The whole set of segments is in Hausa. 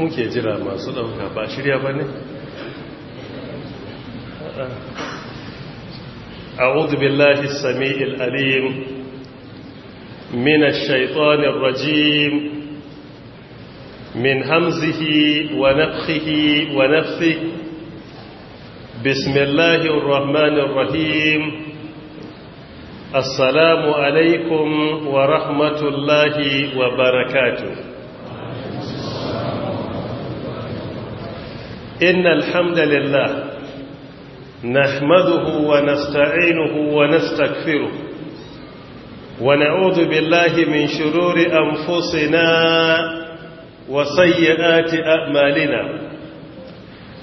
muke jira masu ɗauka ba shirya ba ne أعوذ بالله السميع الأليم من الشيطان الرجيم من همزه ونفخه ونفثه بسم الله الرحمن الرحيم السلام عليكم ورحمة الله وبركاته إن الحمد لله نحمده ونستعينه ونستكفره ونعوذ بالله من شرور أنفسنا وسيئات أعمالنا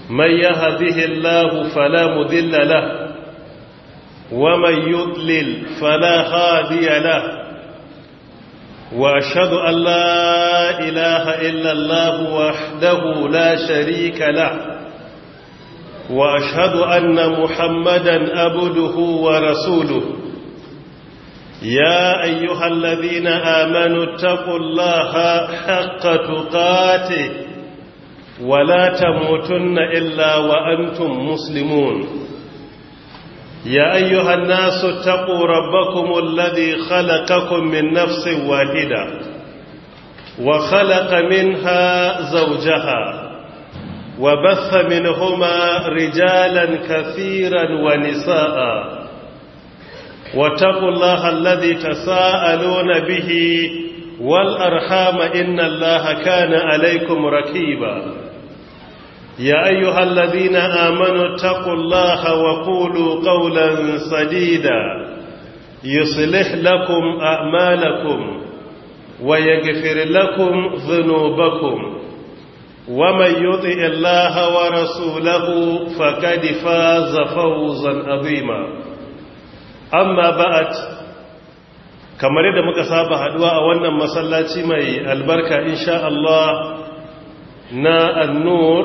من يهده الله فلا مذل له ومن يضلل فلا هادي له وأشهد أن لا إله إلا الله وحده لا شريك له وأشهد أن محمدا أبده ورسوله يا أيها الذين آمنوا اتقوا الله حق تقاته ولا تموتن إلا وأنتم مسلمون يا أيها الناس اتقوا ربكم الذي خلقكم من نفس واحدة وخلق منها زوجها وبث منهما رجالا كثيرا ونساء واتقوا الله الذي تساءلون به والأرحام إن الله كان عليكم ركيبا يا أيها الذين آمنوا اتقوا الله وقولوا قولا سديدا يصلح لكم أعمالكم ويغفر لكم ذنوبكم ومن يطع الله ورسوله فقد فاز فوزا عظيما أما بعد kamar yadda muka saba haduwa a wannan masallaci mai albarka insha Allah na annur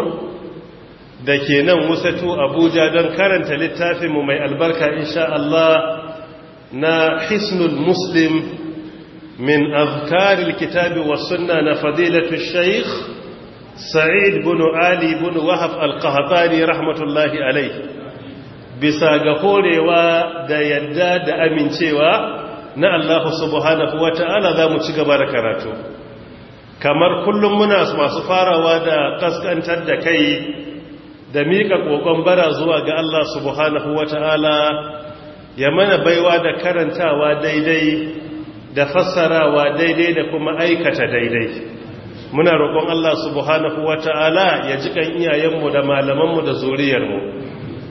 da ke nan wusatu abuja don karanta littafinmu mai albarka insha Allah na hisnul muslim min azkaril kitabi wa sunna na fadilatu shaykh sa'id bin ali bin wahab al rahmatullahi alai, bisa ga korewa da yadda da amincewa na Allah subhanahu wata'ala zamu ci gaba da karatu kamar kullum muna masu farawa da kaskantar da kai da miƙa ƙoƙon bara zuwa ga Allah subhanahu ta'ala ya mana baiwa da karantawa daidai da fassarawa daidai da kuma aikata daidai muna roƙon Allah subhanahu ta'ala ya ji kan iyayenmu da malamanmu da zuriyarmu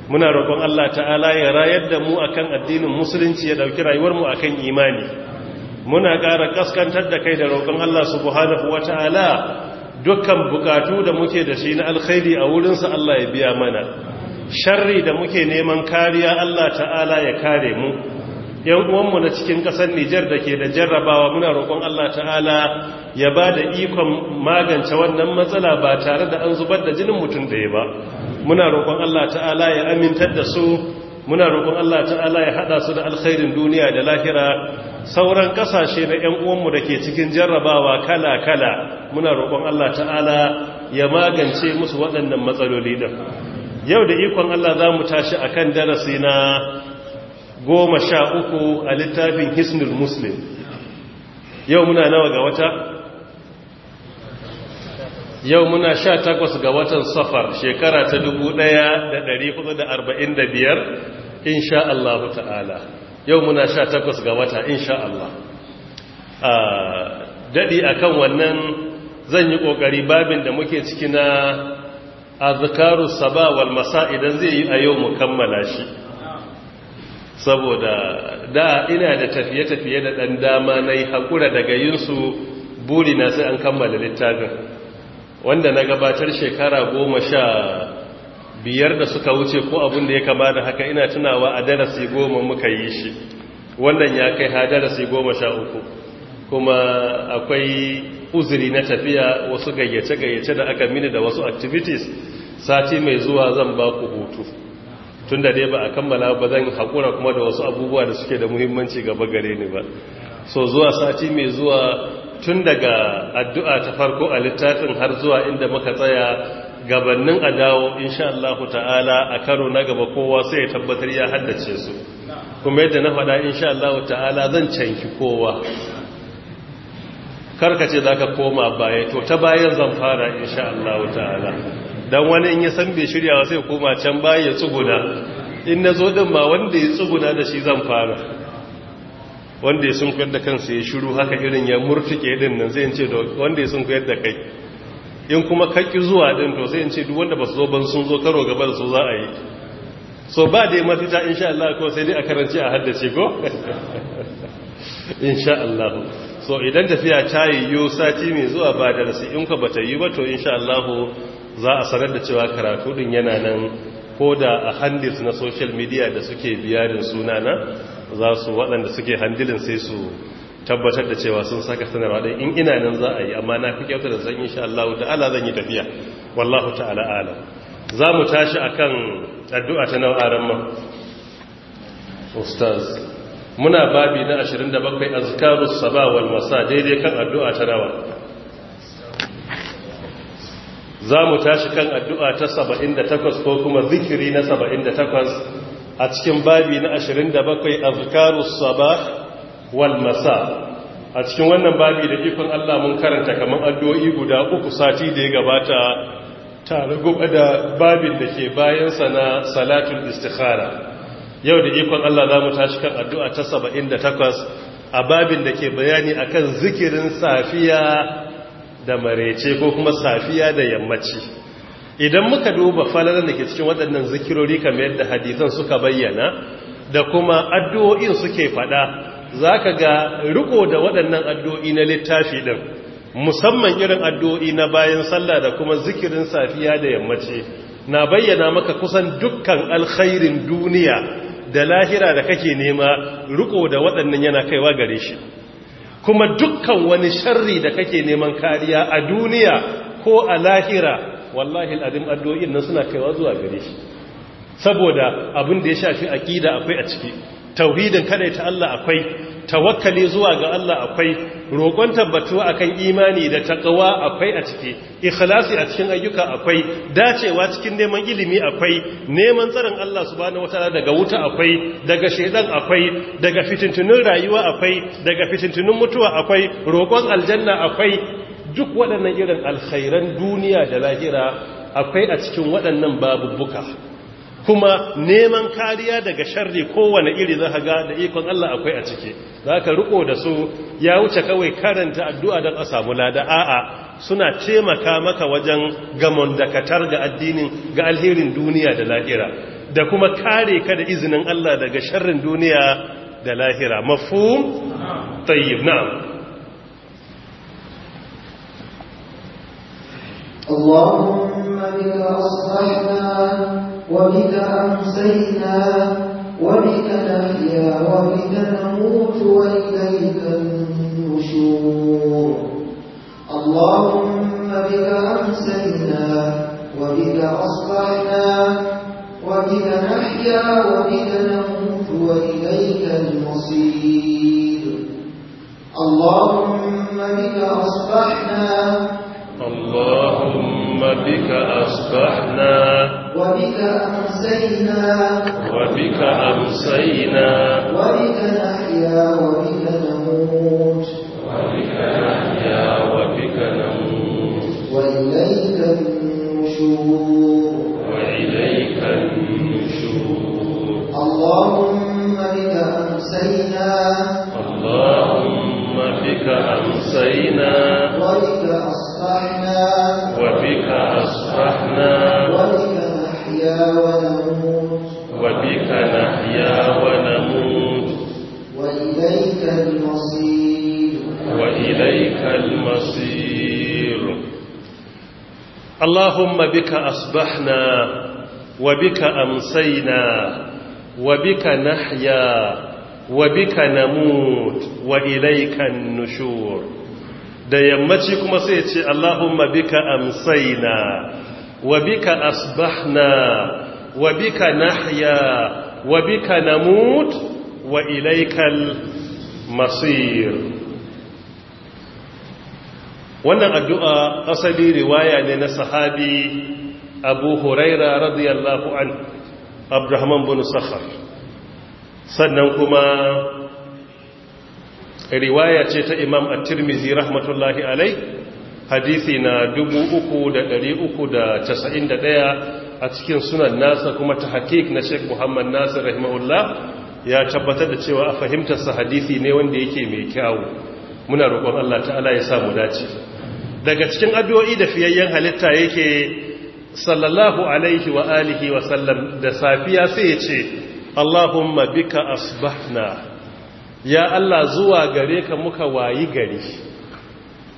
muna roƙon Allah ta'ala ya rayar da mu akan addinin musulunci ya dauki rayuwarmu akan imani muna ƙara ƙaskantar da kai da roƙon Allah subhanahu ta'ala dukkan bukatu da muke da shi na alkhairi a wurinsa Allah ya biya mana sharri da muke neman kariya Allah ta'ala ya kare mu yan uwanmu na cikin ƙasar Nijar da ke da jarrabawa muna roƙon Allah ta'ala ya ba da ikon magance wannan matsala ba tare da an zubar da jinin mutum da ya ba muna roƙon Allah ta'ala ya amintar da su muna roƙon Allah ta'ala ya haɗa su da alkhairin duniya da lahira sauran ƙasashe na yan uwanmu da ke cikin jarrabawa kala-kala muna roƙon Allah ta'ala ya magance musu waɗannan matsaloli ɗin yau da ikon Allah za mu tashi a kan darasi na goma sha uku a littafin hisnul muslim yau muna nawa ga wata yau muna sha takwas ga watan safar shekara ta dubu ɗaya da ɗari hudu da arba'in da biyar insha Allah ta'ala yau muna sha takwas ga wata insha Allah daɗi a kan wannan zan yi ƙoƙari babin da muke ciki na azkaru sabawar masa idan zai yi a yau mu kammala shi saboda da ina da tafiye-tafiye da ɗan dama na yi haƙura daga yinsu buri na sai an kammala littafin wanda na gabatar shekara goma sha biyar da suka wuce ko abin da ya kama da haka ina tunawa a darasi goma muka yi shi wannan ya kai ha darasi goma sha uku kuma akwai uzuri na tafiya wasu gayyace-gayyace da aka mini da wasu activities sati mai zuwa zan ba ku hutu tun da dai ba a kammala ba zan haƙura kuma da wasu abubuwa da suke da muhimmanci gaba gare ni ba so zuwa sati mai zuwa tun daga addu'a ta farko a littafin har zuwa inda muka tsaya gabannin a dawo insha Allah ta'ala a karo na gaba kowa sai ya tabbatar ya haddace su kuma yadda na faɗa insha Allah ta'ala zan canki kowa karkace za ka koma baya to ta bayan zan fara insha Allah ta'ala don wani in ya san bai shirya sai koma can baya ya tsuguna in na zo din ma wanda ya tsuguna da shi zan fara wanda ya kuyar da kansa ya shiru haka irin ya murtuke din nan zai ce wanda ya kuyar da kai in kuma kaki zuwa din to zai ce duk wanda ba su zo ban sun zo karo gaba da su za a yi so ba da ya mafita insha Allah ko sai dai a karanci a haddace ko insha Allah so idan tafiya ta yi yo sati mai zuwa ba da rasu in ka bata yi ba to insha Allah za a sanar da cewa karatu din yana nan ko da a handis na social media da suke biyarin sunana za su waɗanda suke handilin sai su tabbatar da cewa sun saka sanarwa ɗai in ina nan za a yi amma na fi kyauta da zan insha Allah ta'ala zan yi tafiya wallahu ta'ala ala za mu tashi a kan addu'a ta nau'aran ma ustaz muna babi na 27 azkarus saba wal masa daidai kan addu'a ta nawa za mu tashi kan addu'a ta 78 ko kuma zikiri na 78 a cikin babi na 27 azkarus saba wal masa a cikin wannan babi da ikon Allah mun karanta kamar addu'o'i guda uku sati da ya gabata tare gaba da babin da ke bayansa na salatun istikhara yau da ikon Allah za mu tashi kan addu'a ta 78 a babin da ke bayani a kan zikirin safiya da marece ko kuma safiya da yammaci idan muka duba falalar da ke cikin waɗannan zikirori kamar yadda hadisan suka bayyana da kuma addu'o'in suke faɗa za ka ga riko da waɗannan addu'o'i na littafi ɗin musamman irin addu'o'i na bayan sallah da kuma zikirin safiya da yammaci na bayyana maka kusan dukkan alkhairin duniya da lahira da kake nema riko da waɗannan yana kaiwa gare shi kuma dukkan wani sharri da kake neman kariya a duniya ko a lahira wallahi al'adim addu'o'in nan suna kaiwa zuwa gare shi saboda abin da ya shafi aƙida akwai a ciki tauhidin ta Allah akwai tawakkali zuwa ga Allah akwai roƙon tabbatuwa akan imani da taqwa akwai a ciki ikhlasi a cikin ayyuka akwai dacewa cikin neman ilimi akwai neman tsarin Allah subhanahu wataala daga wuta akwai daga shedan akwai daga fitintunin rayuwa akwai daga fitintunin mutuwa akwai roƙon aljanna akwai duk waɗannan irin alkhairan duniya da lahira akwai a cikin waɗannan babubbuka kuma neman kariya daga sharri kowane iri za ga da ikon Allah akwai a ciki za ka riko da su ya wuce kawai karanta addu'a don a samu lada a'a suna taimaka maka wajen gamon dakatar ga addinin ga alherin duniya da lahira da kuma kare ka da izinin Allah daga sharrin duniya da lahira mafhum tayyib na'am اللهم إذا وبك أمسينا وبك نحيا وبك نموت وإليك النشور اللهم بك أمسينا وبك أصبحنا وبك نحيا وبك نموت وإليك المصير اللهم بك أصبحنا اللهم بك أصبحنا وبك أمسينا وبك أمسينا وبك نحيا وبك نموت وبك نحيا اللهم بك أصبحنا وبك أمسينا وبك نحيا وبك نموت وإليك النشور da yammaci kuma sai ya ce Allahumma bika amsaina wa bika asbahna wa bika nahya wa bika namut wa ilaikal masir wannan addu'a asali riwaya ne na sahabi abu huraira radiyallahu an abdurrahman bin sakhar sannan kuma riwaya ce ta imam at-tirmidhi rahmatullahi alai hadisi na 3,391 a cikin sunan nasa kuma ta hakik na sheik muhammad nasir rahimahullah ya tabbatar da cewa a fahimtarsa hadisi ne wanda yake mai kyawu muna roƙon allah ta'ala ya samu dace daga cikin addu'o'i da fiyayyen halitta yake sallallahu alaihi wa alihi wa sallam da safiya sai ya ce Allahumma bika asbahna ya Allah zuwa gare ka muka wayi gari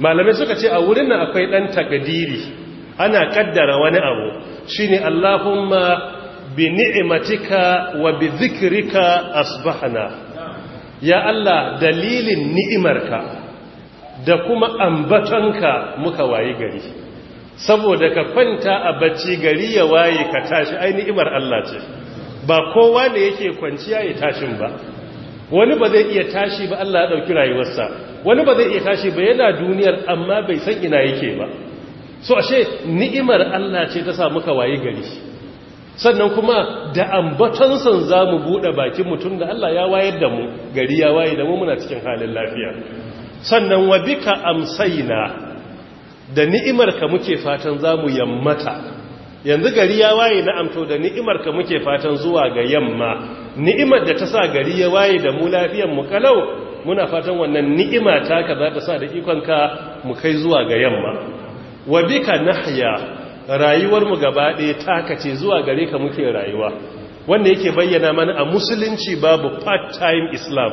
malamai suka ce a wurin nan akwai dan takadiri ana kaddara wani abu shine Allahumma bi ni'matika wa bi dhikrika asbahna ya Allah dalilin ni'imarka da kuma ambatonka muka wayi gari saboda ka kwanta a bacci gari ya waye ka tashi ai ni'imar Allah ce ba kowa ne yake kwanciya ya tashin ba wani ba zai iya tashi ba Allah ya dauki rayuwarsa wani ba zai iya tashi ba yana duniyar amma bai san ina yake ba so ashe ni'imar Allah ce ta sa muka waye gari sannan kuma da ambaton san zamu buɗe bakin mutum da Allah ya wayar da mu gari ya waye da mu muna cikin halin lafiya sannan wa bika amsaina da ni'imar ka muke fatan zamu yammata yanzu gari ya waye na amto da ni'imar ka muke fatan zuwa ga yamma ni'imar da ta sa gari ya waye da mu lafiyar mu kalau muna fatan wannan ni'ima ta ka za ta sa da ikon ka mu kai zuwa ga yamma wa bika nahya rayuwar mu gaba ɗaya taka ce zuwa gare ka muke rayuwa wanda yake bayyana mana a musulunci babu part time islam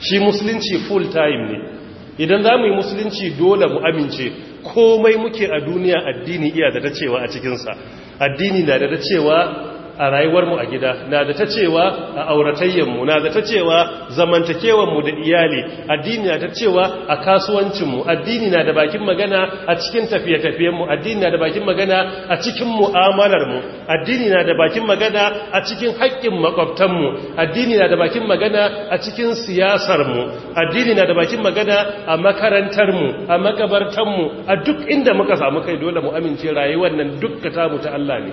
shi musulunci full time ne idan za mu yi musulunci dole mu amince komai muke a duniya addini iya da dacewa a cikinsa addini na da dacewa a rayuwarmu a gida na da ta cewa a auratayyanmu na da ta cewa zamantakewanmu da iyali addini na ta cewa a kasuwancinmu addini na da bakin magana a cikin tafiye-tafiyenmu addini na da bakin magana a cikin mu'amalarmu addini na da bakin magana a cikin haƙƙin makwabtanmu addini na da bakin magana a cikin siyasarmu addini na da bakin magana a makarantarmu a magabartanmu a duk inda muka samu kai dole mu amince rayuwar nan dukka mu ta Allah ne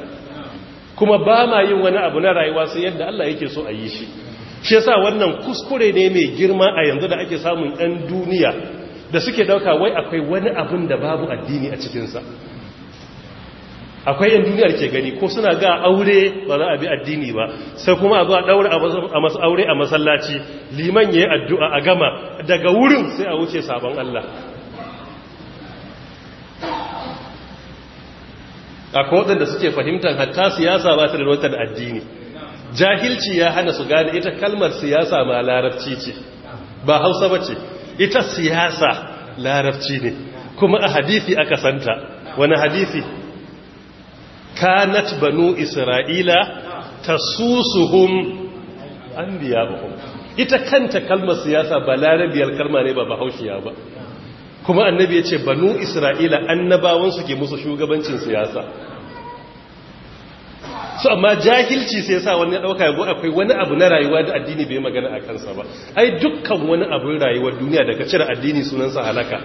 kuma ba ma yin wani abu na rayuwa sai yadda Allah yake so a yi shi shi yasa wannan kuskure ne mai girma a yanzu da ake samun ɗan duniya da suke dauka wai akwai wani abin da babu addini a cikinsa akwai yan duniyar ke gani ko suna ga aure ba za a bi addini ba sai kuma a zo a ɗaura aure a masallaci liman ya yi addu'a a gama daga wurin sai a wuce sabon Allah akwai waɗanda suke fahimtar hatta siyasa ba ta da wata addini jahilci ya hana su gane ita kalmar siyasa ma larabci ce ba hausa ba ce ita siyasa larabci ne kuma a hadithi aka santa wani hadithi kanat banu isra'ila tasusuhum anbiya'uhum ita kanta kalmar siyasa ba larabiyar kalma ne ba bahaushiya ba kuma annabi ya ce banu isra'ila annabawansu ke musu shugabancin siyasa su amma jahilci sai sa wani ɗauka yago akwai wani abu na rayuwa da addini bai magana a kansa ba ai dukkan wani abin rayuwar duniya daga cire addini sunansa halaka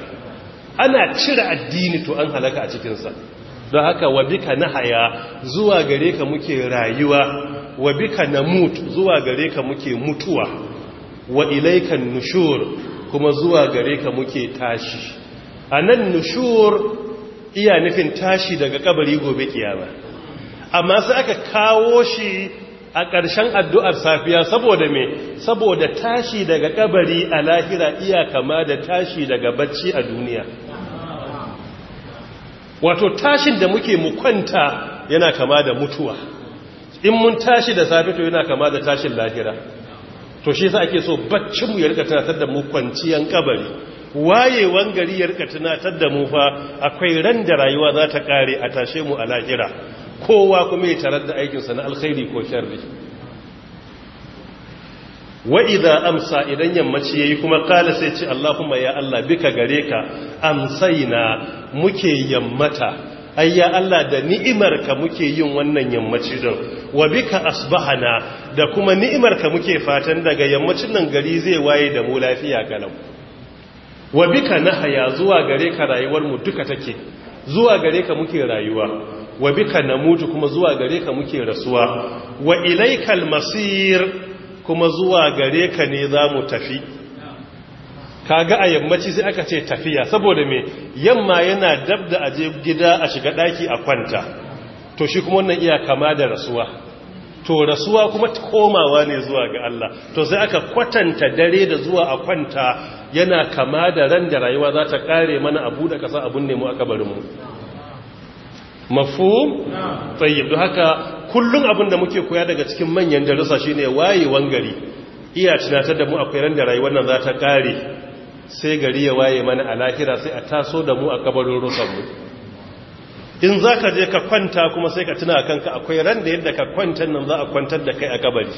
ana cire addini to an halaka a cikinsa don haka wa bika na haya zuwa gare ka muke rayuwa wa bika na mut zuwa gare ka muke mutuwa wa ilaikan nushur kuma zuwa gare ka muke tashi a nan nushur iya nufin tashi daga kabari gobe kiyama amma sai aka kawo shi a ƙarshen addu'ar safiya saboda me saboda tashi daga kabari a lahira iya kama da tashi daga bacci a duniya wato tashin da muke mu yana kama da mutuwa in mun tashi da safi to yana kama da tashin lahira to shi sa ake so baccin mu ya rika tunatar da mu kwanciyan kabari wayewan gari ya rika tunatar da mu fa akwai ran da rayuwa za ta kare a tashe mu a lahira kowa kuma ya tarar da aikin sa na alkhairi ko sharri wa idza amsa idan yammaci yayi kuma qala sai ce Allahumma ya Allah bika gare ka amsaina muke yammata ayya Allah da ni'imarka muke yin wannan yammacin, din wa bika asbahana da kuma ni'imarka muke fatan daga yammacin nan gari zai waye da mu lafiya galau wa bika nahaya zuwa gare ka rayuwar duka take zuwa gare ka muke rayuwa wa bika namutu kuma zuwa gare ka muke rasuwa wa ilaikal masir kuma zuwa gare ka ne mu tafi kaga a yammaci sai aka ce tafiya saboda mai yamma yana dab da aje gida a shiga daki a kwanta to shi kuma wannan iya kama da rasuwa to rasuwa kuma komawa ne zuwa ga Allah to sai aka kwatanta dare da zuwa a kwanta yana kama da ran da rayuwa za ta kare mana abu da kasa abun mu aka bari mu mafhum tayyib don haka kullun abin da muke koya daga cikin manyan darussa shine wayewan gari iya tunatar da mu akwai ran da rayuwar nan za ta kare sai gari ya waye mana a lahira sai a taso da mu a kabarin rukanmu in za ka je ka kwanta kuma sai ka tuna a kanka akwai ran da yadda ka kwanta nan za a kwantar da kai a kabari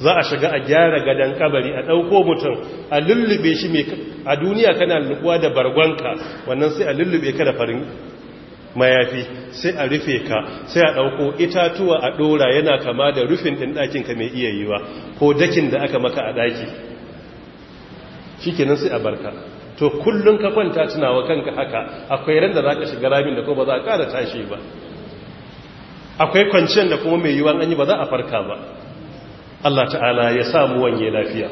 za a shiga a gyara gadon kabari a ɗauko mutum a lullube shi mai a duniya kana lullubuwa da bargonka wannan sai a lullube ka da farin mayafi sai a rufe ka sai a ɗauko itatuwa a ɗora yana kama da rufin ɗin ɗakinka mai iya yiwa ko dakin da aka maka a ɗaki shikenan sai a barka to kullun ka kwanta tunawa kanka haka akwai ran da zaka shiga ramin da ko ba za ka da tashi ba akwai kwanciyar da kuma mai yiwuwa an yi ba za a farka ba Allah ta'ala ya samu wanye lafiya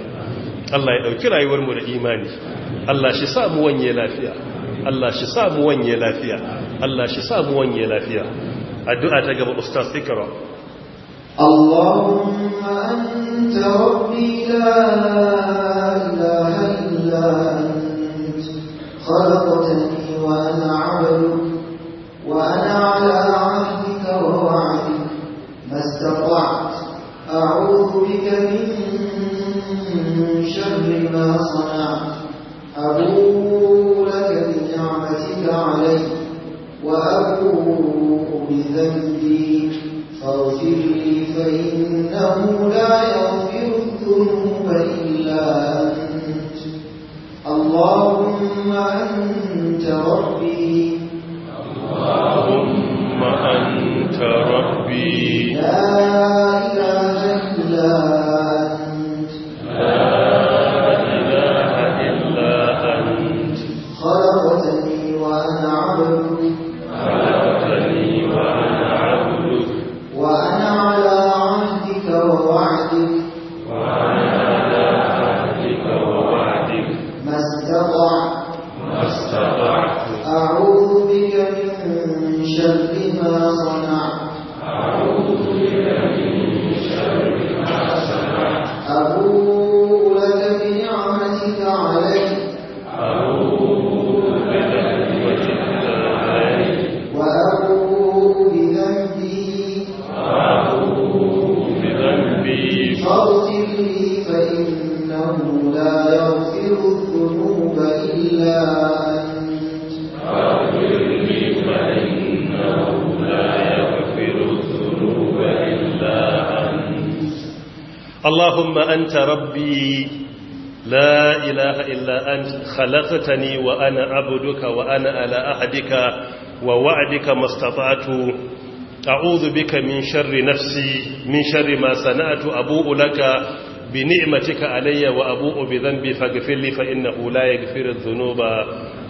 Allah ya dauki rayuwar mu da imani Allah shi samu wanye lafiya Allah shi samu wanye lafiya Allah shi samu wanye lafiya addu'a ta gaba ustaz ikra Allahumma anta rabbi la ilaha أنت خلقتني وأنا عبدك وأنا على عهدك ووعدك ما استطعت أعوذ بك من شر ما صنعت لك بنعمتك علي بذنبي فاغفر لي فإنه لا يغفر rabbi la ilaha illa anta khalaqtani wa ana abduka wa ana ala ahdika wa wa'dika mastata'tu a'udhu bika min sharri nafsi min sharri ma sana'tu abu'u laka bi ni'matika alayya wa abu'u bi dhanbi faghfir li fa innahu la yaghfiru dhunuba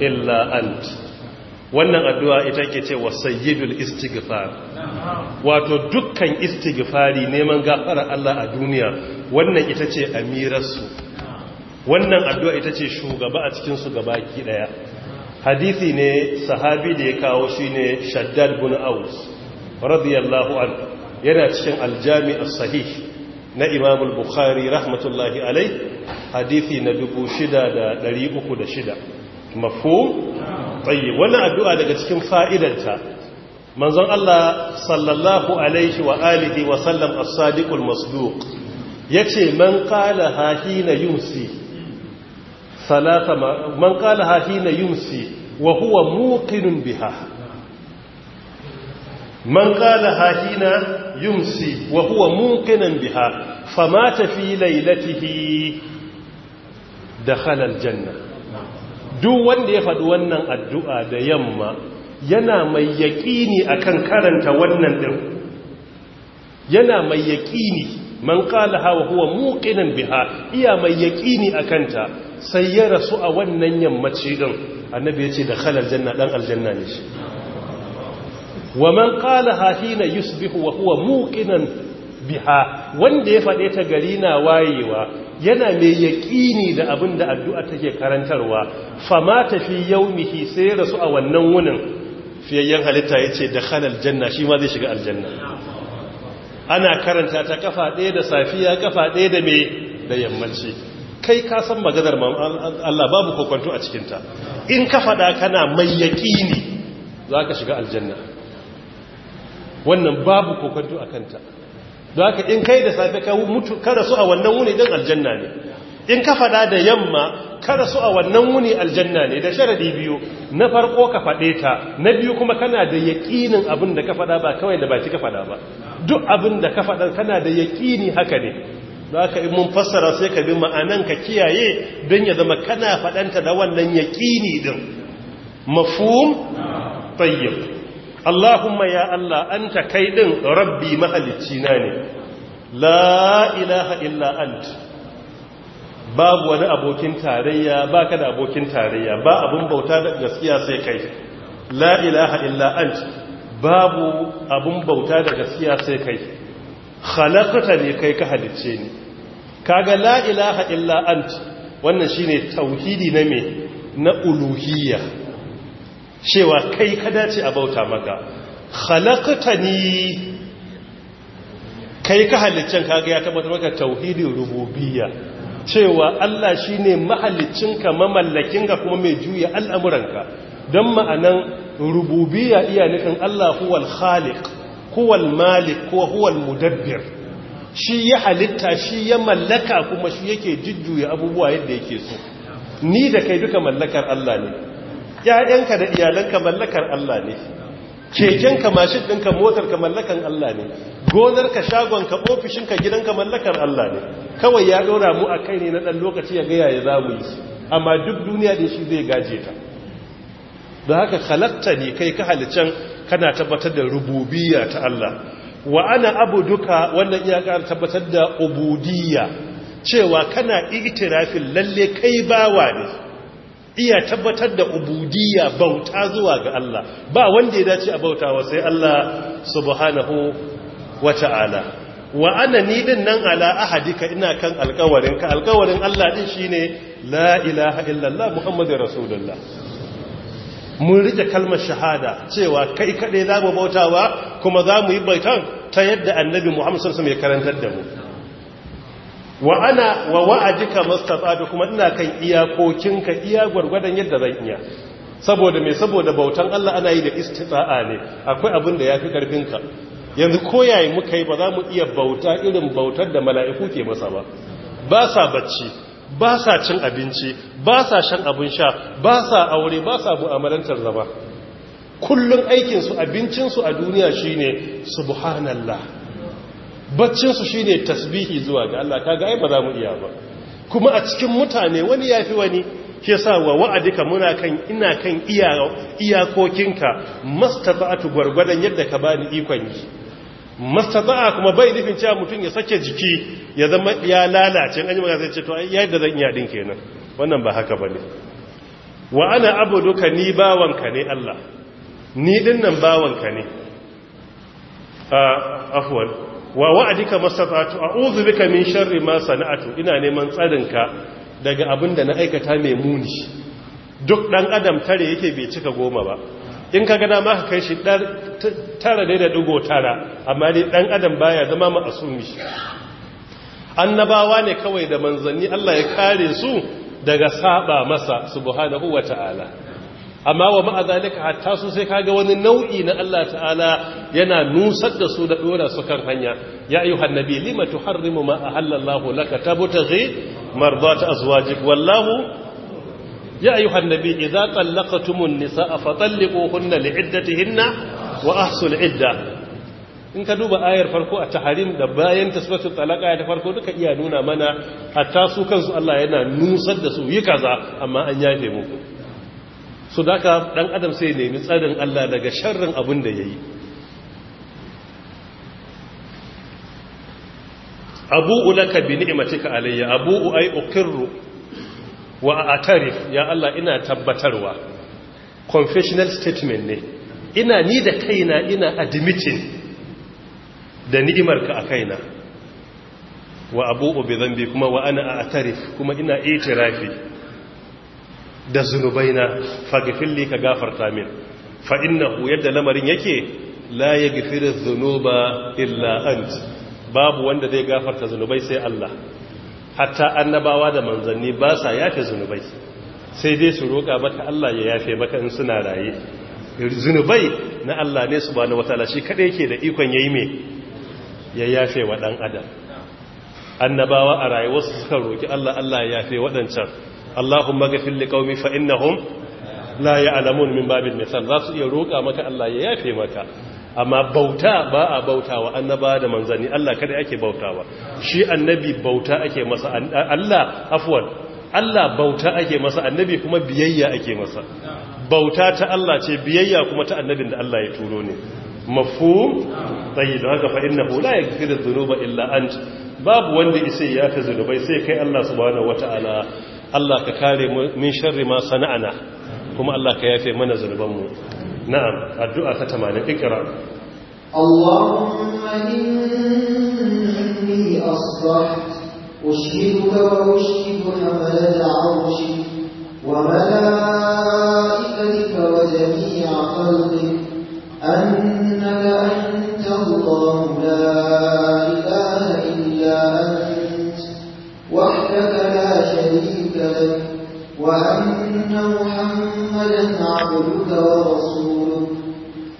illa anta wannan addu'a ita ke ce wa sayyidul istighfar wato dukkan istighfari neman gafara Allah a duniya wannan ita ce amirarsu wannan addu'a ita ce shugaba a cikinsu gabaki ɗaya hadithi ne sahabi da ya kawo shi ne shaddad bin aus radiyallahu an yana cikin aljami sahih na imamul bukhari rahmatullahi alai hadithi na 6,306 mafu tsaye wannan addu'a daga cikin fa'idanta manzon Allah sallallahu alaihi wa alihi wa sallam as-sadiqul masduq ya ce man kala hahi na yunsi man kala na yunsi wa huwa biha man kala hahi na yunsi wa huwa biha famata fi lailatihi dakhala aljanna duk wanda ya faɗi wannan addu'a da yamma yana mai yaƙini akan karanta wannan yana mai yaƙini man qalaha wa huwa muƙinan biha iya mai yaƙini a kanta sai ya rasu a wannan yammaci din annabi yace da khalal janna dan aljanna ne shi wa man qalaha hina yusbihu wa huwa muƙinan biha wanda ya faɗe ta gari na wayewa yana mai yaƙini da abin da addu'a take karantarwa fama tafi yaumihi sai ya rasu a wannan wunin fiyayyen halitta ya ce da khalar janna shi ma zai shiga aljanna ana karanta ta kafa ɗaya da safiya kafa ɗaya da me da yammanci kai ka san maganar Allah babu kokonto a cikinta in ka faɗa kana mai yaƙini za ka shiga aljanna wannan babu kokonto a kanta don haka in kai da safe ka mutu ka rasu a wannan wuni don aljanna ne in ka fada da yamma kada su a wannan wuni aljanna ne da sharadi biyu na farko ka fade ta na biyu kuma kana da yaqinin abin da ka fada ba kawai da baki ka fada ba duk abin da ka fada kana da yaqini haka ne haka in mun fassara sai ka bi ma'anan ka kiyaye dan ya zama kana fadanta da wannan yaqini din mafhum tayyib Allahumma ya Allah anta kai din rabbi mahalicci na ne la ilaha illa anta babu wani abokin tarayya ba ka da abokin tarayya ba abin bauta da gaskiya sai kai la ilaha illa ant babu abun bauta da gaskiya sai kai khalaqta ne kai ka halicce ni kaga la ilaha illa ant wannan shine tauhidi na me na uluhiyya cewa kai ka dace a bauta maka khalaqta ni kai ka halicce kaga ya tabbatar maka tauhidin rububiyya cewa Allah shi ne mamallakin mamallakinka kuma mai juya al'amuranka don ma'anan rububiya iya nufin Allah huwal khaliq huwal malik ko huwal mudabbir shi ya halitta shi ya mallaka kuma shi yake jujjuya abubuwa yadda yake so ni da kai duka mallakar Allah ne ‘ya'yanka da iyalanka mallakar Allah ne Keken, ka mashin ɗinka motarka mallakan Allah ne gonarka ka ofishinka ka mallakar Allah ne kawai ya ɗora mu a kai ne na ɗan lokaci ya gaya ya za mu yi amma duk duniya da shi zai gaje ta da haka halatta ne kai ka halicen kana tabbatar da rububiya ta Allah wa ana duka wannan iya ƙara tabbatar da ubudiyya cewa kana itirafin lalle kai bawa ne iya tabbatar da ubudiyya bauta zuwa ga Allah ba wanda ya dace a bautawa sai Allah subhanahu wata'ala wa ana ni din nan ala ahadika ina kan alƙawarin ka alƙawarin Allah din shine la ilaha illallah muhammadur rasulullah mun rike kalmar shahada cewa kai kade za mu bautawa kuma za mu yi baitan ta yadda annabi muhammad sallallahu alaihi wasallam ya karantar da mu wa ana wa wa'adika mastata'tu kuma ina kan iyakokinka iya gwargwadon yadda zan iya saboda me saboda bautan Allah ana yi da istita'a ne akwai abin da yafi karfinka yanzu koyaye muka yi ba za mu iya bauta irin bautar da mala'iku ke masa ba ba sa bacci ba sa cin abinci ba sa shan abin sha ba sa aure ba sa mu'amalantar zama kullun aikinsu abincinsu a duniya shine subhanallah baccinsu shi ne tasbihi zuwa ga Allah kaga ai ba za mu iya ba kuma a cikin mutane wani ya fi wani ke sa wa wa'adika muna kan ina kan iyakokinka mastaba'atu gwargwadon yadda ka bani ikon yi mastaba'a kuma bai nufin cewa mutum ya sake jiki ya zama ya lalace an yi magana ceto ce to da zan iya din kenan wannan ba haka ba ne. wa ana abuduka ni bawanka ne Allah ni dinnan bawanka ne ah, afwan wa wa'adika masafatu a'udhu bika min sharri ma sana'atu ina neman tsarinka daga abin da na aikata mai muni duk dan adam tare yake bai cika goma ba in ka gana ma ka kai shi tara da digo tara amma dai dan adam baya zama shi annabawa ne kawai da manzanni Allah ya kare su daga saba masa subhanahu wata'ala amma wa ma'a zalika hatta su sai kaga wani nau'i na Allah ta'ala yana nusar da su da dora su kan hanya ya ayyuhan nabi lima tuharrimu ma ahallallahu laka tabtaghi mardat azwajik wallahu ya ayyuhan nabi idza talaqtumun nisaa fatalliquhunna li'iddatihinna wa ahsul idda in ka duba ayar farko a taharim da bayan tasbatul talaka ta farko duka iya nuna mana hatta su kansu Allah yana nusar da su yi kaza amma an yafe muku su da ka ɗan adam sai nemi tsarin Allah daga sharrin abin da ya yi abu'u laka bi ni'matika alayya abu'u ay uqirru wa atarif ya Allah ina tabbatarwa confessional statement ne ina ni da kaina ina admitting da ni'imarka a kaina wa abu'u bi dhanbi kuma wa ana atarif kuma ina itirafi da zunubaina faghfirli ka gafarta min fa innahu yadda lamarin yake la yaghfiru dhunuba illa ant babu wanda zai gafarta zunubai sai Allah hatta annabawa da manzanni ba sa yafe zunubai sai dai su roka maka Allah ya yafe maka in suna raye zunubai na Allah ne subhanahu wataala shi kadai yake da ikon yayi me ya yafe wa dan adam annabawa a su suka roki Allah Allah ya yafe waɗancan Allahumma ghafir liqaumi fa innahum la ya'lamun min babil misal za su iya roƙa maka Allah ya yafe maka amma bauta ba a bautawa annaba da manzanni Allah kada ake bautawa shi annabi bauta ake masa Allah afwan Allah bauta ake masa annabi kuma biyayya ake masa bauta ta Allah ce biyayya kuma ta annabin da Allah ya turo ne mafhum tayyib haka fa innahu la yaghfiru dhunuba illa ant babu wanda isai ya fi zunubai sai kai Allah subhanahu wataala الله كاري من شر ما صنعنا كما الله كيفي من نزل بمو نعم الدعاء ختمان اقرا اللهم إني أصبحت أشهدك وأشهد حملة عرشك وملائكتك وجميع خلقك أنك أنت الله لا إله إلا أنت وحدك لا ذلك وأن محمدا عبدك ورسولك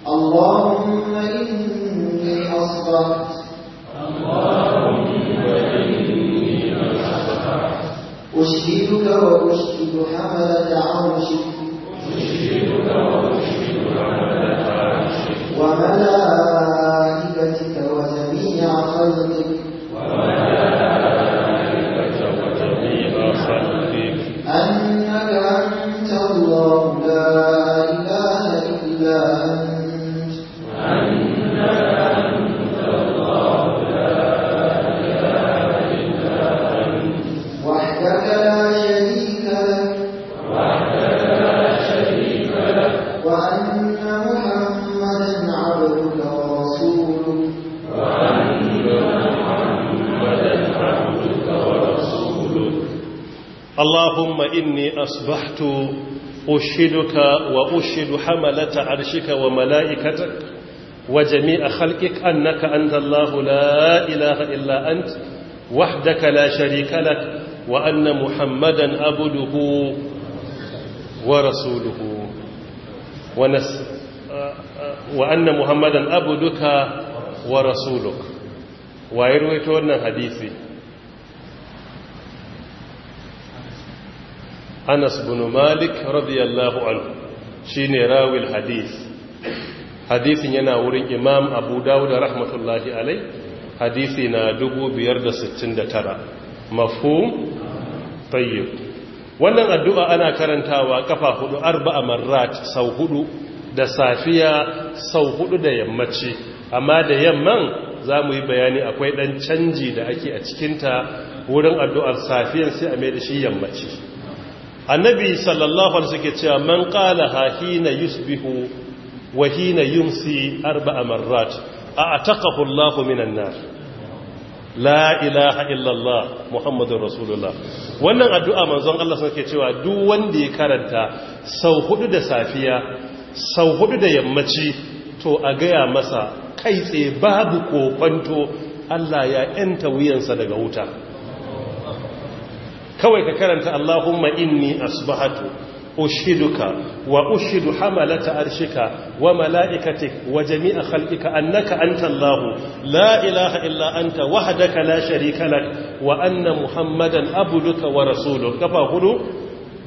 اللهم إني أصبحت أشهدك وأشهد حملة عرشك أشهدك وأشهد حملة عرشك وملائكتك أصبحت أشهدك وأشهد حملة عرشك وملائكتك وجميع خلقك أنك أنت الله لا إله إلا أنت وحدك لا شريك لك وأن محمدا عبده ورسوله ونس وأن محمدا عبدك ورسولك ويرويت أن حديثي anas bin malik radiyallahu anhu shine rawil hadith hadisin yana wurin imam abu dawud rahmatullahi alai hadisi na 569 mafhum tayyib wannan addu'a ana karantawa kafa hudu arba'a marrat sau hudu da safiya sau hudu da yammaci amma da yamman za mu yi bayani akwai ɗan canji da ake a cikinta wurin addu'ar safiyan sai a mai da shi yammaci annabi sallallahu alaihi suke cewa man qala ha hina yusbihu wa hina yumsi arba'a marrat a ataqahu Allahu minan nar la ilaha illallah muhammadur rasulullah wannan addu'a manzon Allah suke cewa duk wanda ya karanta sau hudu da safiya sau hudu da yammaci to a gaya masa kai tsaye babu kofanto Allah ya yanta wuyansa daga wuta kawai ka karanta Allahumma inni asbahatu ushiduka wa ushidu hamalata arshika wa mala'ikatik wa jami'a khalqika annaka antallahu la ilaha illa anta wahdaka la sharika lak wa anna muhammadan abduka wa rasuluka kafa hudu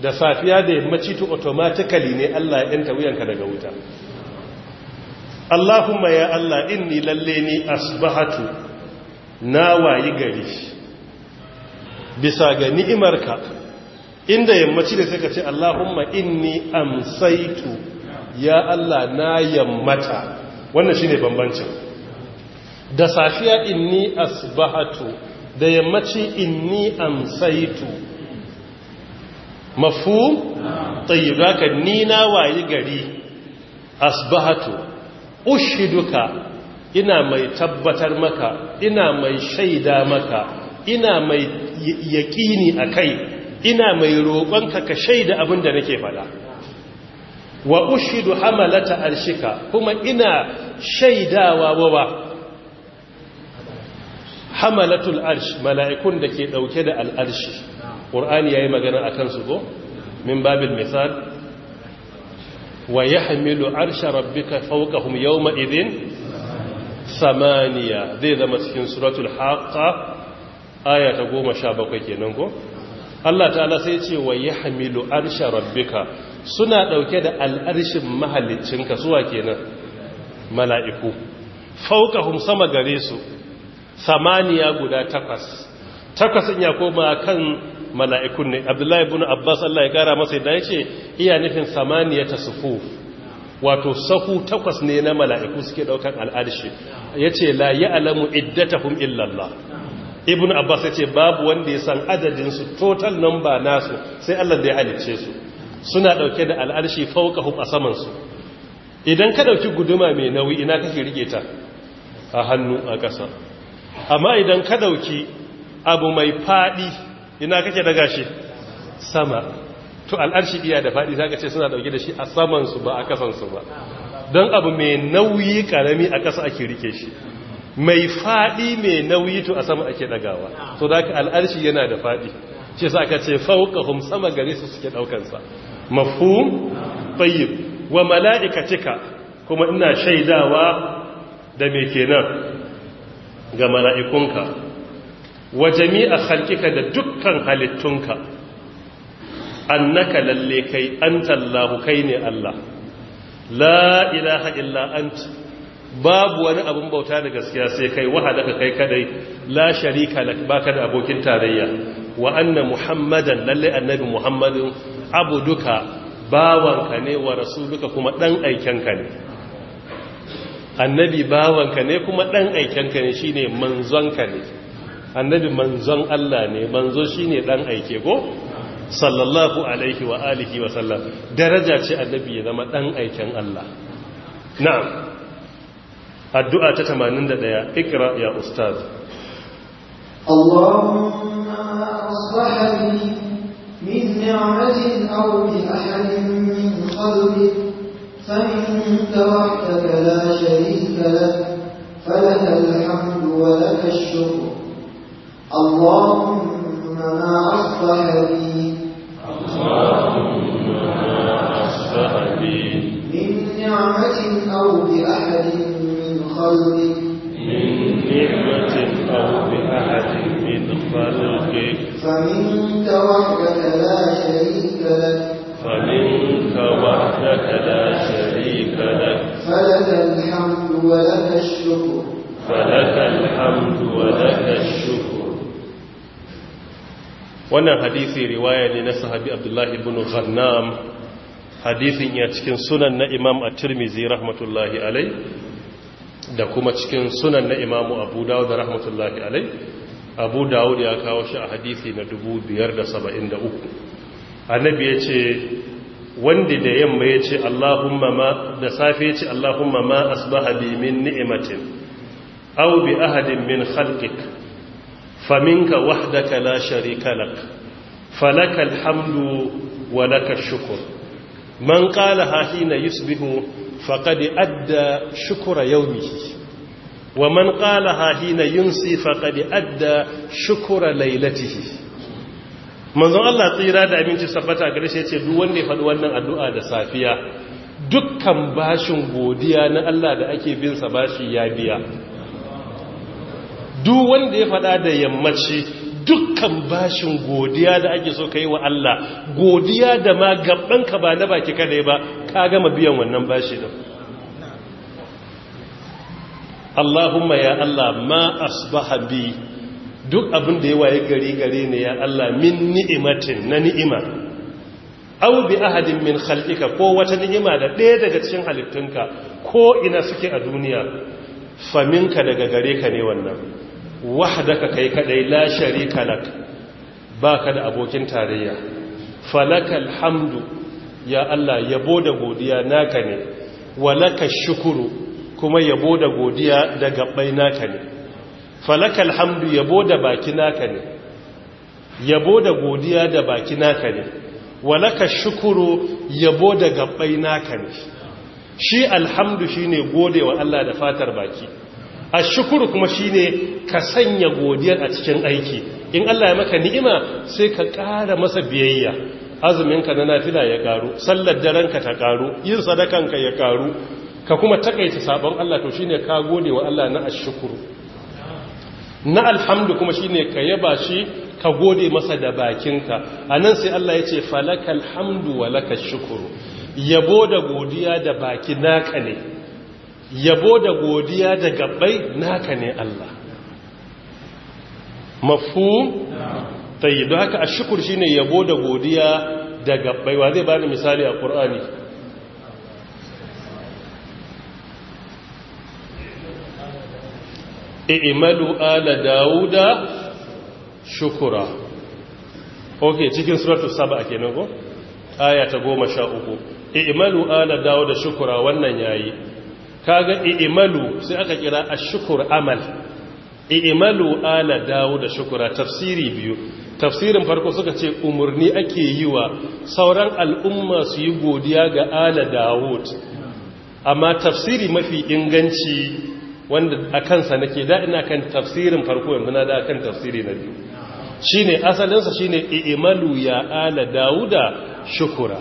da safiya da yammaci to automatically ne Allah ya yanta wuyanka daga wuta Allahumma ya Allah inni lalle ni asbahatu na wayi gari bisa ga ni'imarka inda yammaci da sai ka ce Allahumma inni amsaitu ya Allah na yammata wannan shine bambancin da safiya inni asbahatu da yammaci inni amsaitu mafhum tayyib haka ni na wayi gari asbahatu ushiduka ina mai tabbatar maka ina mai shaida maka ina mai yaƙini a kai ina mai roƙonka ka shaida abin da nake faɗa wa ushidu hamalata arshika kuma ina shaidawa wawa hamalatul arsh mala'ikun da ke ɗauke da al'arshi ƙur'ani ya yi magana a kansu ko min babin misal wa ya hamilu arsha rabbika fauƙahum yau ma'izin samaniya zai zama cikin suratul haƙa aya ta goma sha bakwai kenan ko Allah ta'ala sai ce wa ya hamilu arshar rabbika suna ɗauke da al'arshin mahalicinka suwa kenan mala'iku faukahum sama gare su samaniya guda takwas takwas in ya koma kan mala'ikun ne abdullahi ibn abbas Allah ya kara masa da yace iya nufin samaniya ta sufuf wato sahu takwas ne na mala'iku suke daukan al'arshi yace la ya'lamu iddatahum illa Allah ibn abbas ya ce babu wanda ya san adadinsu total number nasu sai allah da ya halicce su suna dauke da al'arshi faukahum a samansu idan ka ɗauki guduma mai nauyi ina kake rike ta a hannu a ƙasa amma idan ka ɗauki abu mai faɗi ina kake daga shi sama to al'arshi iya da faɗi za ce suna dauke da shi a samansu ba a ƙasansu ba don abu mai nauyi ƙarami a ƙasa ake rike shi mai faɗi mai nauyi to a sama ake ɗagawa so da al'arshi yana da faɗi ce sa aka ce fauƙahum sama gare su suke ɗaukansa mafhum tayyib wa mala'ikatika kuma ina shaidawa da mai kenan ga mala'ikunka wa jami'a khalqika da dukkan halittunka annaka lalle kai anta Allah kai ne Allah la ilaha illa anta babu wani abin bauta da gaskiya sai kai ka kai kadai la sharika lak baka da abokin tarayya wa anna muhammadan lalle annabi muhammadin abuduka bawanka ne wa rasuluka kuma dan aikenka ne annabi bawanka ne kuma dan aikenka ne shine manzonka ne annabi manzon Allah ne manzo shine dan aike ko sallallahu alaihi wa alihi wa sallam daraja ce annabi ya zama dan aiken Allah na'am الدعاه 81 اقرا يا استاذ اللهم اصلح لي من نعمه او لاحد من خلقك فمنك وحدك لا شريك لك فلك الحمد ولك الشكر اللهم ما اصلح لي من نعمه او بأحد من الخلق من نعمة أو بأحد من خلقك فمنك وحدك لا شريك لك فمنك وحدك لا شريك لك فلك الحمد ولك الشكر فلك الحمد ولك الشكر wannan hadisi riwaya ne na sahabi abdullahi ibn ghannam hadisin ya cikin sunan na imam at-tirmidhi rahmatullahi alai da kuma cikin sunan na imamu abu dawud rahmatullahi alai abu dawud ya kawo shi a hadisi na 573 annabi ya ce wanda da yamma ya ce allahumma ma da safe ya ce allahumma ma asbaha bi min ni'matin aw bi ahadin min khalqik faminka wahdaka la sharika lak falaka alhamdu wa laka shukr man qala ha hina yusbihu faqad adda shukra yawmihi wa man qalaha hina yumsi faqad adda shukra manzon Allah tsira da abinci sabbata gare shi yace duk wanda ya faɗi wannan addu'a da safiya dukkan bashin godiya na Allah da ake bin sa bashi ya biya duk wanda ya faɗa da yammaci dukkan bashin godiya da ake so ka yi wa Allah godiya da ma gabanka ba na baki kadai ba ka gama biyan wannan bashi da Allahumma ya Allah ma asbaha bi duk abin da ya waye gari gare ne ya Allah min ni'imatin na ni'ima aw bi ahadin min khalqika ko wata ni'ima da ɗaya daga cikin halittunka ko ina suke a duniya faminka daga gare ka ne wannan wahdaka kai kadai la sharika lak baka da abokin tarayya falakal hamdu ya Allah yabo da godiya naka ne walaka shukuru kuma yabo da godiya da gabbai naka ne falakal hamdu yabo da baki naka ne yabo da godiya da baki naka ne walaka shukuru yabo da gabbai naka ne shi alhamdu shine gode wa Allah da fatar baki ashukuru kuma shi ne ka sanya godiyar a cikin aiki in Allah ya maka ni'ima sai ka ƙara masa biyayya azuminka na nafila ya ƙaru sallar daranka ta ƙaru yin sadakanka ya ƙaru ka kuma takaita sabon Allah to shi ne ka gode wa Allah na ashukuru na alhamdu kuma shi ne ka yaba shi ka gode masa da bakinka anan sai Allah ya ce falakal hamdu wa shukuru yabo da godiya da baki naka ne yabo da godiya da gabbai naka ne Allah mafhum tayyib haka ashkur shine yabo da godiya da gabbai wa zai bani misali a qur'ani i'malu ala dauda shukura ok cikin suratul saba kenan ko aya ta 13 i'malu ala dauda shukura wannan yayi kaga i'malu sai aka kira ash-shukr amal i'malu ala dawud shukra tafsiri biyu tafsirin farko suka ce umurni ake yi wa sauran al'umma su yi godiya ga ala dawud amma tafsiri mafi inganci wanda a kansa nake da ina kan tafsirin farko yanzu na da kan tafsiri na biyu shine asalinsa shine i'malu ya ala dawuda shukura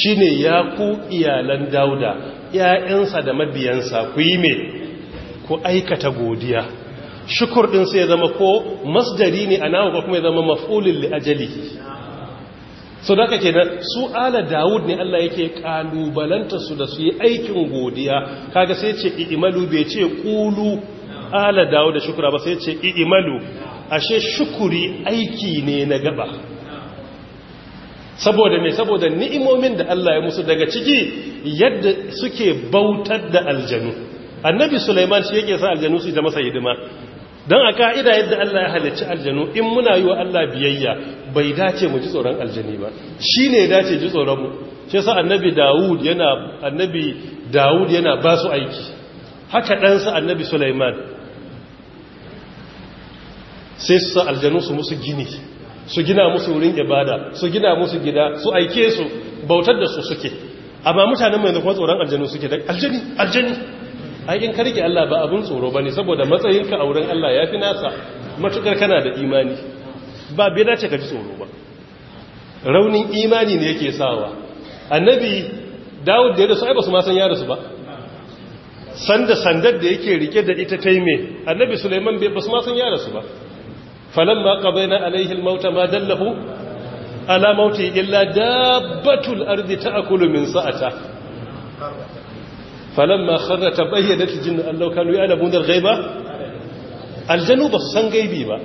shine ya ku iyalan dauda ‘ya'yansa da mabiyansa ku yi mai ku aikata godiya shukur ɗin sai zama ko masdari ne a nawa ko kuma ya zama mafulin li'ajalihi so da kake nan su ala dawud ne Allah yake kalubalanta su da su yi aikin godiya kaga sai ce i'malu bai ce ƙulu, ala dawud da shukura ba sai ce i'malu ashe shukuri aiki ne na gaba saboda mai saboda ni'imomin da Allah ya musu daga ciki yadda suke bautar da aljanu annabi Sulaiman shi yake sa aljanu su da masa hidima dan a ka'ida yadda Allah ya halicci aljanu in muna yi wa Allah biyayya bai dace mu ji tsoron aljani ba shi ne dace ji tsoron mu shi yasa annabi Dawud yana annabi Dawud yana ba su aiki haka ɗansa annabi Sulaiman sai su sa aljanu su musu gini su gina musu wurin ibada su gina musu gida su aike su bautar da su suke amma mutanen mai kuma tsoron aljanu suke da aljani aljani ai yin karki Allah ba abin tsoro bane saboda matsayinka a wurin Allah ya fi nasa matukar kana da imani ba bai dace ka ji tsoro ba raunin imani ne yake sawa annabi Dawud da ya rasu ai ba su ma san ba sanda sandar da yake rike da ita taime annabi Sulaiman bai ba su ma san su ba فلما قضينا عليه الموت ما دله على موته إلا دابة الأرض تأكل من سأته فلما خر تبينت الجن أن لو كانوا يعلمون الغيب aljanu ba su san gaibi ba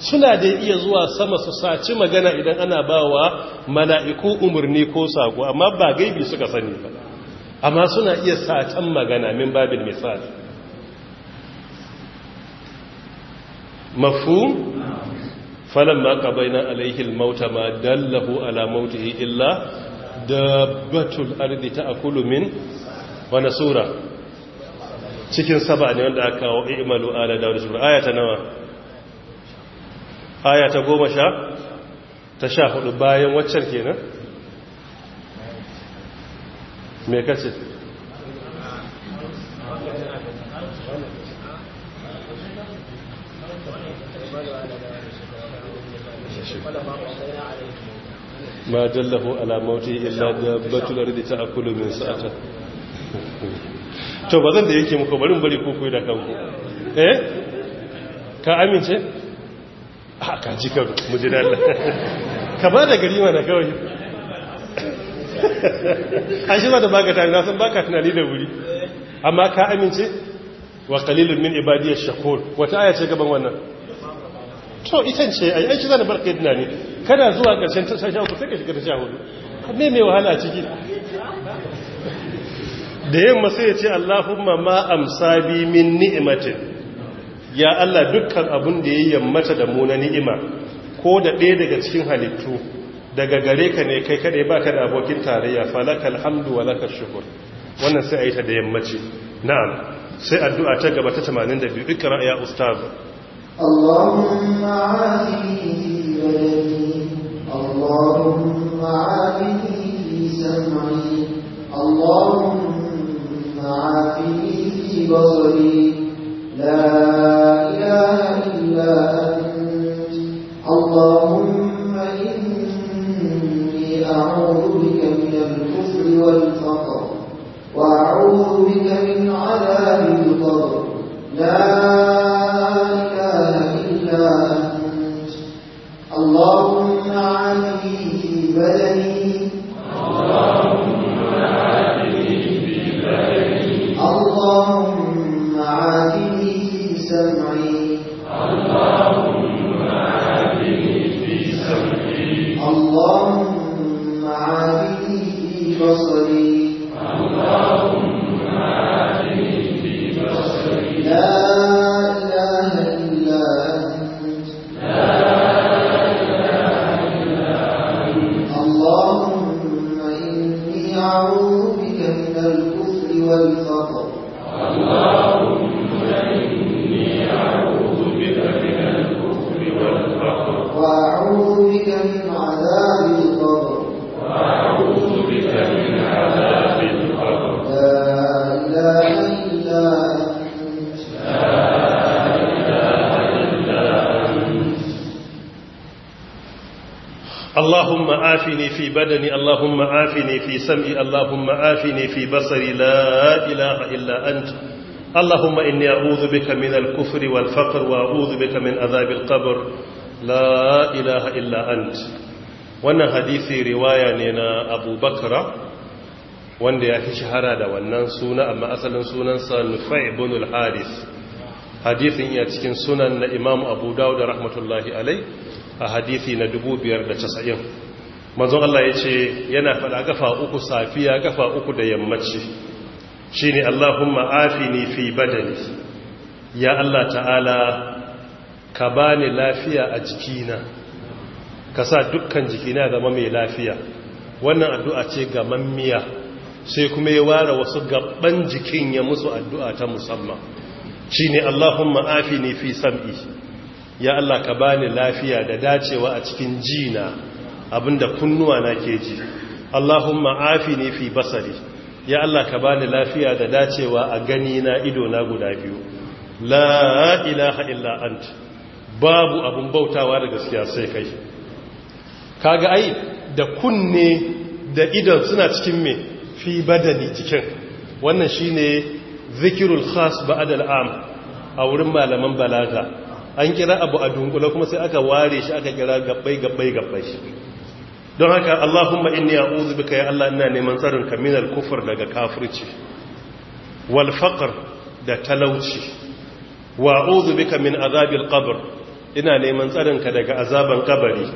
suna da iya zuwa sama su saci magana idan ana bawa mala'iku umarni ko sako amma ba gaibi suka sani ba amma suna iya satan magana min babin Mafu. mafhum ka qabaina alaihi almauta ma dallahu ala mautihi illa dabbatul ardi ta'kulu min wani sura cikin saba ne wanda aka kawo i'malu ala dawud sura ayata nawa ayata goma sha ta sha hudu bayan waccan kenan me kace ƙarshe ma jallahu ala mauti illa dabbatul ardi akulu min sa'ata to bazan da yake muku barin bari ku koyi da kanku eh ka amince a ah, ka ji ka mu ji dalla ka ba da gari mana kawai an shi ba da baka tare na san baka tunani da wuri amma ka amince wa qalilun min ibadiyash shakur wata aya ce gaban wannan so ita ce yi aiki zan barka yadda ne kana zuwa karshen ta sha sai ka shiga da sha ne mai wahala ciki da yamma sai ya ce Allahumma ma amsa bi min ni'imatin ya Allah dukkan abun da ya yi yammata da mu na ni'ima ko da ɗaya daga cikin halittu daga gare ka ne kai kaɗai ba ka da abokin tarayya falakal hamdu wa lakal shukur. wannan sai a yi ta da yammaci na'am sai addu'a ta gaba ta 82 ikra ya ustaz اللهم عافني في بدني اللهم عافني في سمعي اللهم عافني في بصري لا إله إلا أنت اللهم إني أعوذ بك من الكفر والفقر وأعوذ بك من عذاب القبر لا اللهم علي بدني اللهم آفني في بدني اللهم آفني في سمعي اللهم آفني في بصري لا إله إلا أنت اللهم إني أعوذ بك من الكفر والفقر وأعوذ بك من عذاب القبر لا إله إلا أنت وانا حديثي رواية نينا أبو بكر wanda ya fi shahara da wannan suna amma asalin sunansa nufai ibn al-haris hadithin ya cikin sunan na imam abu dawud rahmatullahi alai a hadithi na dubu biyar da 590 manzon Allah ya ce yana fada gafa uku safiya gafa uku da yammaci shi ne Allahumma afini fi badani ya Allah ta'ala ka bani lafiya a jikina ka sa dukkan jikina zama mai lafiya wannan addu'a ce ga mammiya sai kuma ya ware wasu gaban jikin ya musu addu'a ta musamman shi ne Allahumma afini fi sam'i ya Allah ka bani lafiya da dacewa a cikin jina abinda kunnuwa na ke ji Allahumma afi ne fi basari ya Allah ka bani lafiya da dacewa a gani na ido na guda biyu la ilaha illa ant babu abun bautawa da gaskiya sai kai kaga ai da kunne da idon suna cikin me fi badani cikin, wannan shine zikirul khas ba'dal al'am a wurin malaman balaga an kira abu a dunkula kuma sai aka ware shi aka kira gabbai gabbai gabbai shi don haka Allahumma inni a'udhu bika ya Allah ina neman tsarin ka min kufur daga kafirci wal faqr da talauci wa a'udhu bika min azabil qabr ina neman tsarin ka daga azaban kabari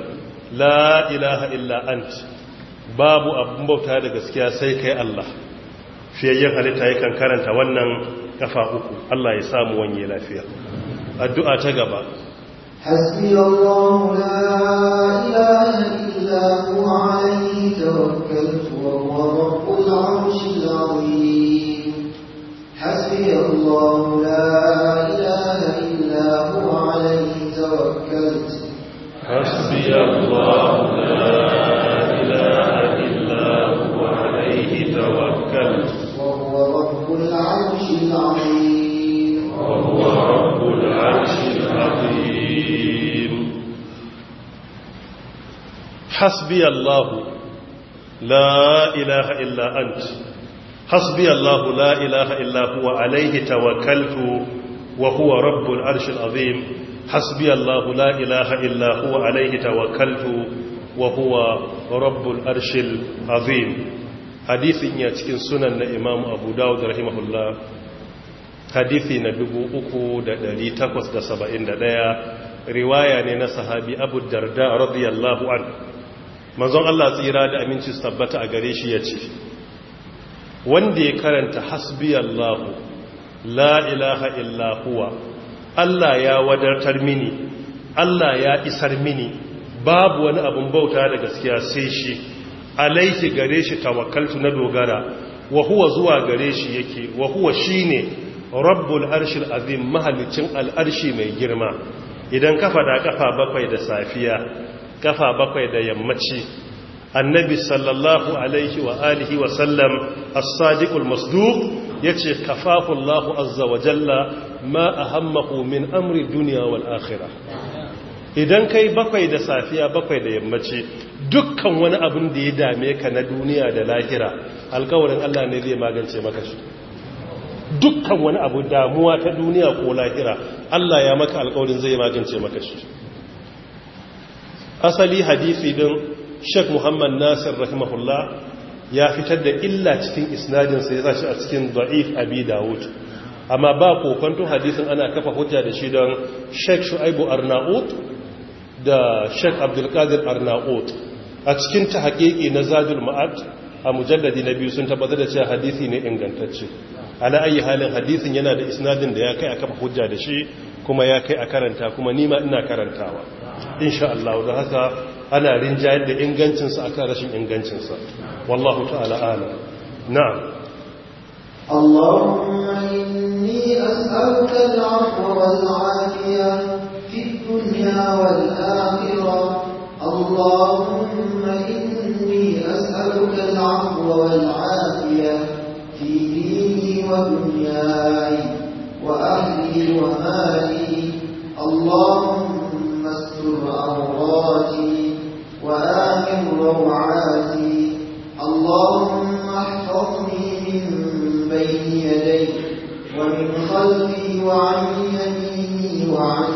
la ilaha illa ant babu abun bauta da gaskiya sai kai Allah fiyayyen halitta yakan karanta wannan kafa uku Allah ya samu wanye lafiya addu'a ta gaba حسبي الله لا إله إلا هو عليه توكلت وهو رب العرش العظيم حسبي الله hasbi Allahu la ilaha illa ant hasbi Allahu la ilaha illa huwa alaihi tawakkaltu wa huwa rabbul arshin azim hasbi Allahu la ilaha illa huwa alaihi tawakkaltu wa huwa rabbul arshin azim hadisin ya cikin sunan na Imam Abu Dawud rahimahullah hadithi na 3871 riwaya ne na sahabi Abu Darda radiyallahu anhu manzon Allah tsira da aminci tabbata a gare shi ya ce, wanda ya karanta Allahu, la ilaha illa huwa Allah ya wadatar mini Allah ya isar mini babu wani abun bauta da gaskiya sai shi alaihi gare shi tawakkaltu na dogara wa huwa zuwa gare shi yake wa huwa shine rabbul arshil azim mahalicin al'arshi mai girma idan ka fada kafa bakwai da safiya kafa bakwai da yammaci annabi sallallahu alaihi wa alihi wa sallam as-sadiqul masduq yace kafafu Allah azza wa jalla ma ahammahu min amri dunya wal akhirah idan kai bakwai da safiya bakwai da yammaci dukkan wani abun da ya dame ka na duniya da lahira alkawarin Allah ne zai magance maka shi dukkan wani abu damuwa ta duniya ko lahira Allah ya maka alkawarin zai magance maka shi asali hadisi din Sheikh Muhammad Nasir rahimahullah ya fitar da illa cikin isnadinsa sa ya shi a cikin da'if Abi Dawud amma ba kokonto hadisin ana kafa hujja da shi don Sheikh Shu'aibu Arnaud da Sheikh Abdul Arnaud. a cikin tahqiqi na Zadul Ma'ad a mujalladi na biyu sun tabbatar da cewa hadisi ne ingantacce ala ayi halin hadisin yana da isnadin da ya kai a kafa hujja da shi kuma ya kai a karanta kuma ni ma ina karantawa إن شاء الله haka ana rinjayar da ingancinsa akan rashin ingancinsa والله تعالى آلا نعم اللهم إني أسألك العفو والعافية في الدنيا والآخرة اللهم إني أسألك العفو والعافية في ديني ودنياي وأهلي ومالي اللهم واستر عوراتي وآمن روعاتي اللهم احفظني من بين يدي ومن خلفي وعن يميني وعن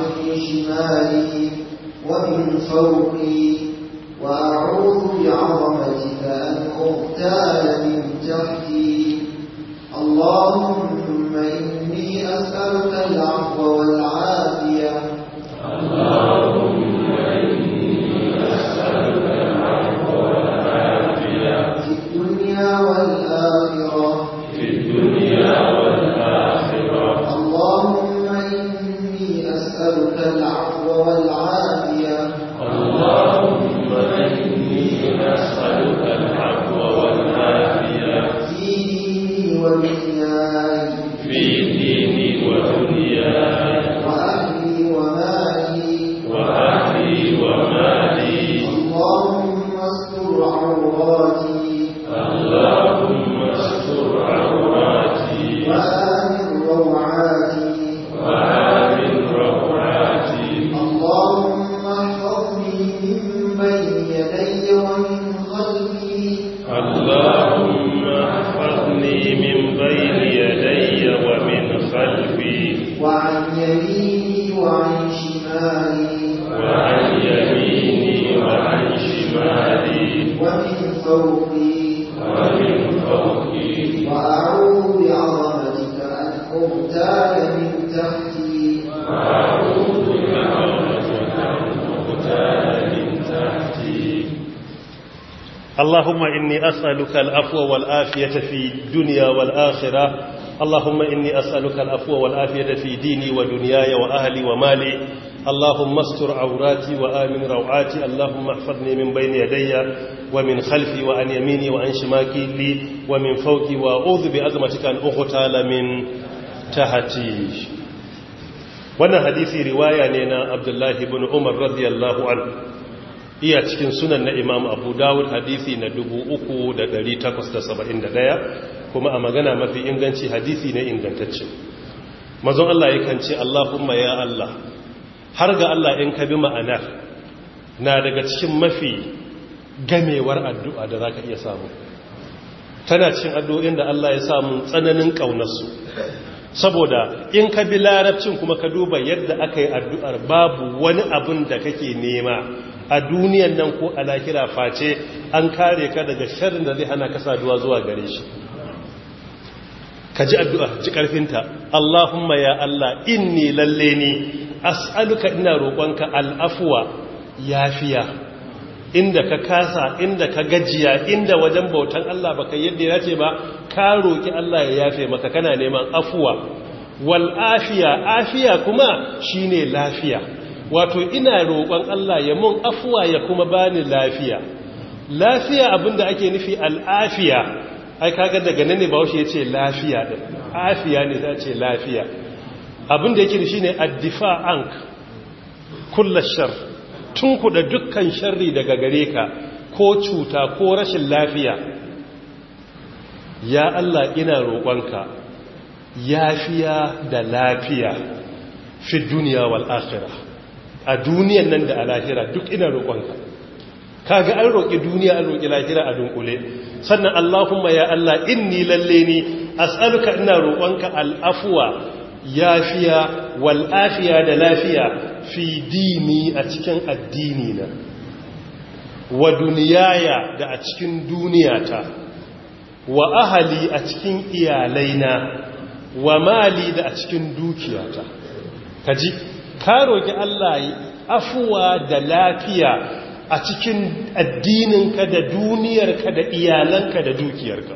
شمالي ومن فوقي وأعوذ بعظمتك أن أغتال من تحتي اللهم إني أسألك العفو والعافية اللهم Allah. اللهم إني أسألك العفو والآفية في الدنيا والآخرة اللهم إني أسألك العفو والآفية في ديني ودنياي وأهلي ومالي اللهم استر عوراتي وآمن روعاتي اللهم احفظني من بين يدي ومن خلفي وعن يميني وعن شماكي لي ومن فوقي وأعوذ بأزمتك أن أغتال من تحتي wannan hadisi riwaya ne na abdullahi bin umar radiyallahu an iya cikin sunan na imam abu dawud hadisi na 3871 kuma a magana mafi inganci hadisi na ingantacce mazan Allah yakan ce Allahumma ya Allah har ga Allah in ka bi ma'anar na daga cikin mafi gamewar addu'a da za ka iya samu tana cikin addu'o'in da Allah ya samu tsananin ƙaunarsu saboda in ka bi larabcin kuma ka duba yadda aka yi addu'ar babu wani abin da kake nema a duniyan nan ko a lahira face an kare ka daga sharrin da zai hana ka saduwa zuwa gare shi ka ji addu'a ji ƙarfinta Allahumma ya Allah inni lalle ni as'aluka ina roƙonka alafwa yafiya inda ka kasa inda ka gajiya inda wajen bautan Allah baka yadda ya ce ba ka roki Allah ya yafe maka kana neman afuwa wal afiya afiya kuma shine lafiya wato ina roƙon Allah ya mun afuwa ya kuma bani lafiya lafiya abinda ake nufi al'afiya ai kaga daga nan ne bawashi yace lafiya din afiya ne za ce lafiya abinda yake nufi shine addifa ank kullu shar da dukkan sharri daga gare ka ko cuta ko rashin lafiya ya Allah ina roƙonka yafiya da lafiya fi duniya wal akhirah a duniyan nan da a lahira duk ina roƙonka ga an roƙi duniya an roƙi lahira a dunkule sannan Allahumma ya Allah inni lalle ni as'aluka ina roƙonka al'afwa yafiya wal'afiya da lafiya fi dini a cikin addini na wa duniyaya da a cikin duniyata wa ahali a cikin iyalaina wa mali da a cikin dukiyata kaji ka roƙi Allah afuwa da lafiya a cikin addininka da duniyarka da iyalanka da dukiyarka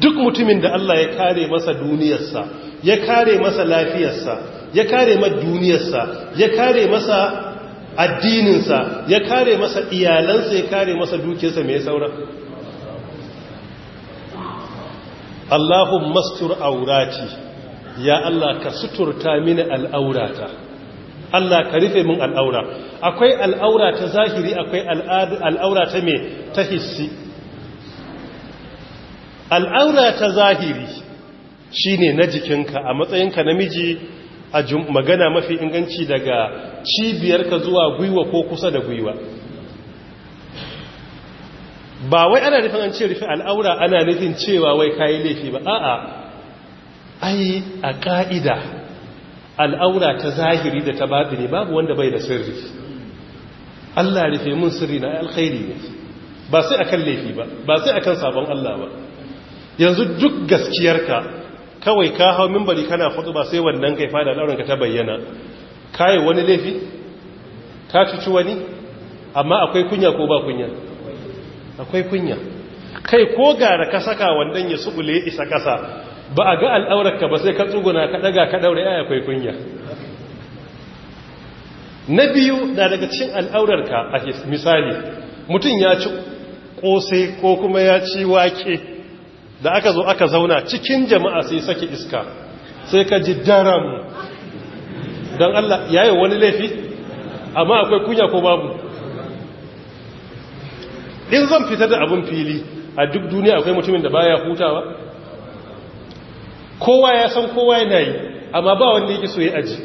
duk mutumin da Allah ya kare masa duniyarsa ya kare masa lafiyarsa ya kare masa duniyarsa ya kare masa addininsa ya kare masa iyalansa ya kare masa dukiyarsa mai saura Allahumma mastur aurati ya Allah ka suturta mini al'aurata Allah ka rufe min al'aura akwai al'aura ta zahiri akwai al'aura ta me ta hissi al'aura ta zahiri shine na jikinka a matsayinka namiji a magana mafi inganci daga cibiyarka zuwa gwiwa ko kusa da gwiwa ba wai ana nufin an ce rufe al'aura ana nufin cewa wai kayi laifi ba a'a ai a ka'ida al'aura ta zahiri da ta ne babu wanda bai da sirri Allah rufe mun sirri na alkhairi ne ba sai akan laifi ba ba sai akan sabon Allah ba yanzu duk gaskiyarka kawai ka hau minbari kana fadu ba sai wannan kai fada al'auran ka ta bayyana kai wani laifi ka cuci wani amma akwai kunya ko ba kunya akwai kunya kai ko gara ka saka wannan ya subule isa kasa ba a ga al'aurarka ba sai ka tsuguna ka daga ka daure ya akwai kunya na biyu da daga cin al'aurarka a misali mutum ya ci kosai ko kuma ya ci wake da aka zo aka zauna cikin jama'a sai saki iska sai ka ji daram don Allah yayin wani laifi amma akwai kunya ko babu in zan fitar da abin fili a duk duniya akwai mutumin da baya hutawa kowa ya san kowa yana yi amma ba wanda yake so ya aji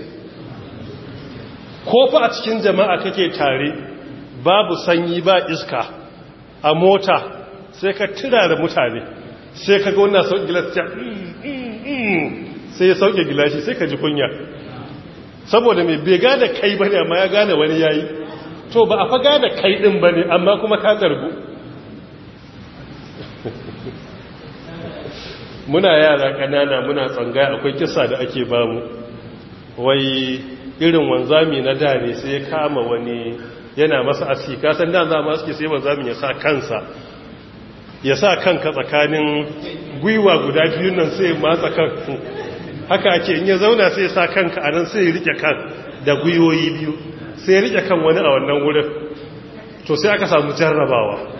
ko fa a cikin jama'a kake tare babu sanyi ba iska a mota sai ka tira da mutane sai ka ga wannan sauƙi gilashi sai ya sauƙi gilashi sai ka ji kunya saboda mai bai gane kai bane amma ya gane wani yayi to ba a faga da kai din bane amma kuma ka zargu muna yara ƙanana muna tsanga akwai kisa da ake bamu wai irin wanzami na da ne sai ya kama wani yana masa aski kasan da za mu aski sai wanzami ya sa kansa ya sa kanka tsakanin gwiwa guda biyun nan sai matsa kan haka ake in ya zauna sai ya sa kanka a nan sai ya rike kan da gwiwoyi biyu sai ya rike kan wani a wannan wurin to sai aka samu jarrabawa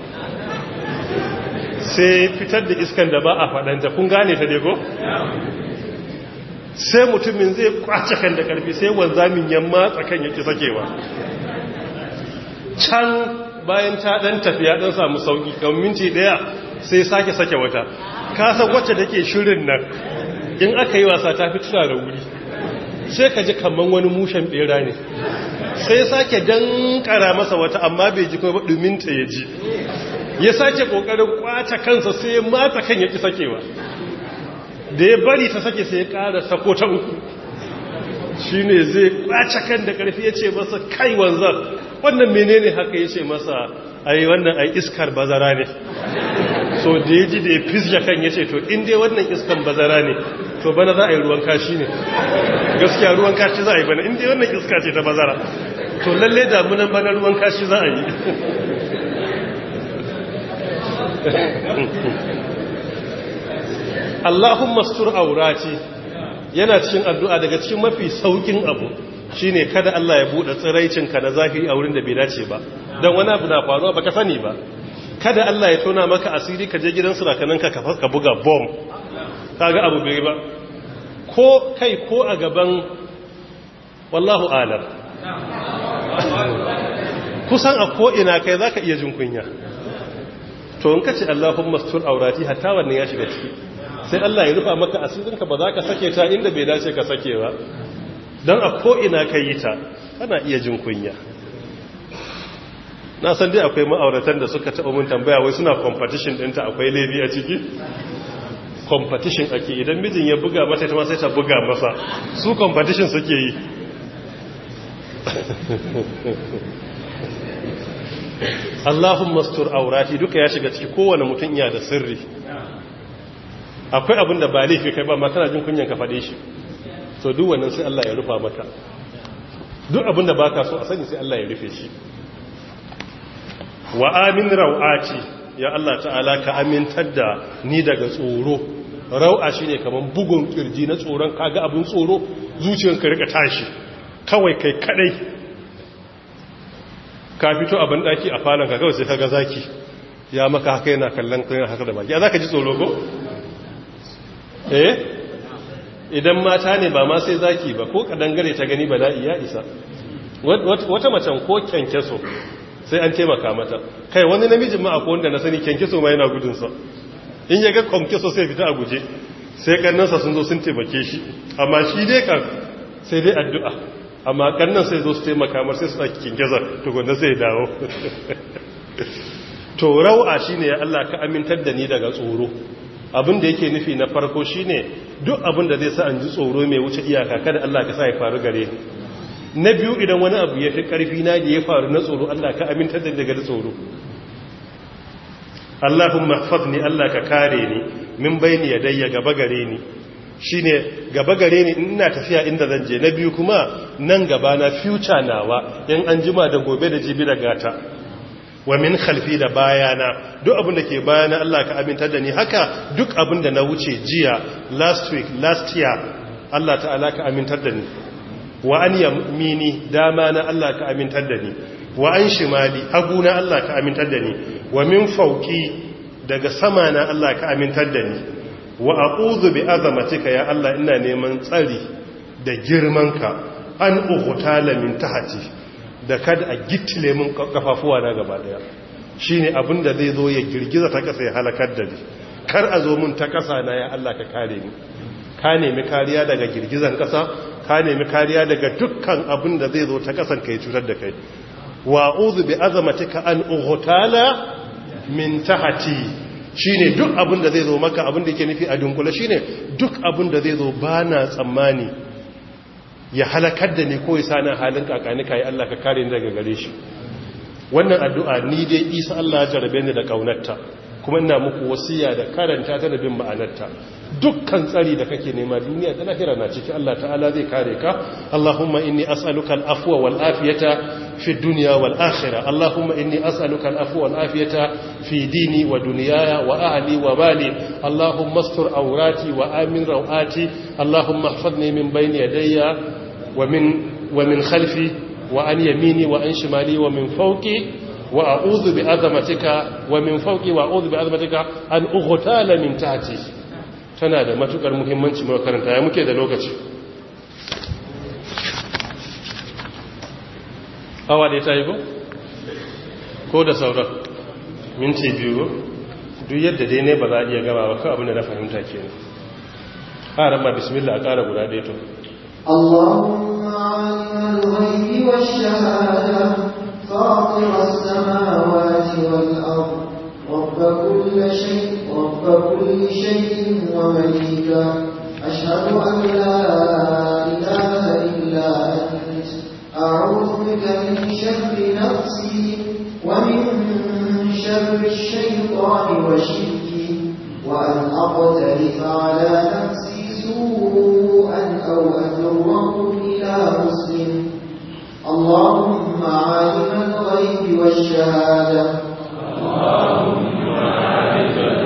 sai fitar da iskan da ba a faɗanta kun gane ta dego? sai mutumin zai kwace kan da ƙarfi sai wanzamin yamma tsakan yake sakewa can bayan ta ɗan tafiya ɗan samu sauƙi kan minti ɗaya sai sake sake wata Ka san wacce take shirin nan in aka yi wasa ta fi tuna da wuri sai ka ji kamar wani mushen ɓera ne sai sake dankara masa wata amma bai ji kuma ɗuminta ya ji ya sake kokarin kwace kansa sai ya mata kan ya sakewa da ya bari ta sake sai ya kara sako ta uku shine zai kwace kan da karfi ya ce masa kai wanzan wannan menene haka ya ce masa ai wannan ai iskar bazara ne so da ya ji da ya fizya kan ya ce to in dai wannan iskan bazara ne to bana za a yi ruwan kashi ne gaskiya ruwan kashi za a yi bana in dai wannan iska ce ta bazara to lalle damunan bana ruwan kashi za a yi Allahumma stur aurati yana cikin addu'a daga cikin mafi saukin abu shine kada Allah ya buɗe tsiraicinka na zahiri a wurin da bai dace ba dan wani abu na faruwa baka sani ba kada Allah ya tona maka asiri ka je gidan surakanan ka ka buga bom kaga abu bai ba ko kai ko a gaban wallahu alam kusan a ko'ina ina kai zaka iya jin kunya to in kace Allahumma stur aurati hatta wannan ya shiga ciki sai Allah ya rufa maka ka ba za ka sake ta inda bai dace ka sake ba don a ko'ina ka yi ta kana iya jin kunya na san dai akwai ma'auratan da suka taɓa mun tambaya wai suna competition ɗinta akwai laifi a ciki competition ake idan mijin ya buga mata ma sai ta buga masa su competition suke yi Allahumma stur aurati duka ya shiga ciki kowane mutum iya da sirri akwai abin da ba laifi kai ba ma tana jin kunyan ka faɗe shi to duk wannan sai Allah ya rufa maka duk abin da baka so a sani sai Allah ya rufe shi wa amin rawati ya Allah ta'ala ka amintar da ni daga tsoro rau'a shine kaman bugun kirji na tsoron kaga abin tsoro zuciyarka rika tashi kawai kai kaɗai. ka fito a banɗaki a falon ka kawai sai kaga zaki ya maka haka yana kallon kai haka da baki a za ka ji tsoro ko? eh idan mata ne ba ma sai zaki ba ko gare ta gani ba da iya isa wata macen ko kyankyaso sai an taimaka mata kai wani namijin ma akwai wanda na sani kyankyaso ma yana gudunsa in ya ga kyankyaso sai fita a guje sai kannansa sun zo sun taimake shi amma shi dai kan sai dai addu'a amma kannan sai zo su taimaka mar sai cikin ɗaki to tukunna sai dawo to rau'a shine ya Allah ka amintar da ni daga tsoro abin da yake nufi na farko shi ne duk abin da zai sa an ji tsoro mai wuce iyaka kada Allah ka sa ya faru gare na biyu idan wani abu ya fi ƙarfi na da ya faru na tsoro Allah ka amintar da daga tsoro Allahumma ihfazni Allah ka kare ni min ya yadayya gaba gare ni Shi ne, gaba gare ni ina tafiya inda zan je na biyu kuma nan gaba na future nawa yan an jima da gobe da jibi da gata wa min khalfi da bayana duk abin da ke bayana Allah ka amintar da ni haka duk abin da na wuce jiya last week last year Allah ta'ala ka amintar da ni wa an yamini dama na Allah ka amintar da ni wa an shimali hagu na Allah ka amintar da ni wa min fauki daga sama na Allah ka amintar da ni wa a'udhu bi azamatika ya Allah ina neman tsari da girmanka an ughutala min tahati da kada a gittile min kafafuwa na gaba daya shine abin da zai zo ya girgiza ta kasa ya halakar da ni kar a zo mun ta kasa na ya Allah ka kare ni ka nemi kariya daga girgizan kasa ka nemi kariya daga dukkan abin da zai zo ta kasan kai cutar da kai wa a'udhu bi azamatika an ughutala min tahati. shine duk abin da zai zo maka abin da ke nufi a dunkule shine duk abin da zai zo bana tsammani ya halakar da ni ko ya sana halin kakani ya Allah ka kare ni daga gare shi wannan addu'a ni dai Isa Allah jarabe ni da kaunarta kuma ina muku wasiya da karanta ta da bin ma'anarta dukkan tsari da kake nema duniya da lahira na ciki Allah ta'ala zai kare ka Allahumma inni as'aluka al-afwa wal afiyata fi dunya wal akhirah Allahumma inni as'aluka al-afwa wal afiyata fi dini wa dunyaya wa ahli wa bali. Allahumma astur awrati wa amin rawati Allahumma ihfazni min bayni yadayya wa min wa min khalfi wa an yamini wa an shimali wa min fawqi wa a'udhu bi azamatika wa min fawqi wa a'udhu bi azamatika an ughtala min tahti tana da matukar muhimmanci mu karanta ya muke da lokaci awa ta yi ko ko da sauran minti biyu duk yadda dai ne ba za a iya gaba ba kan abin da na fahimta kenan a rama bismillah a ƙara guda ɗaya to اللهم علم الغيب والشهادة فاطر السماوات والأرض رب كل شيء رب كل شيء ومليكا أشهد أن لا إله إلا أنت أعوذ بك من شر نفسي ومن شر الشيطان وشركي وأن أقترف على نفسي سوءا أو أجره إلى مسلم اللهم عالم الغيب والشهادة اللهم عالم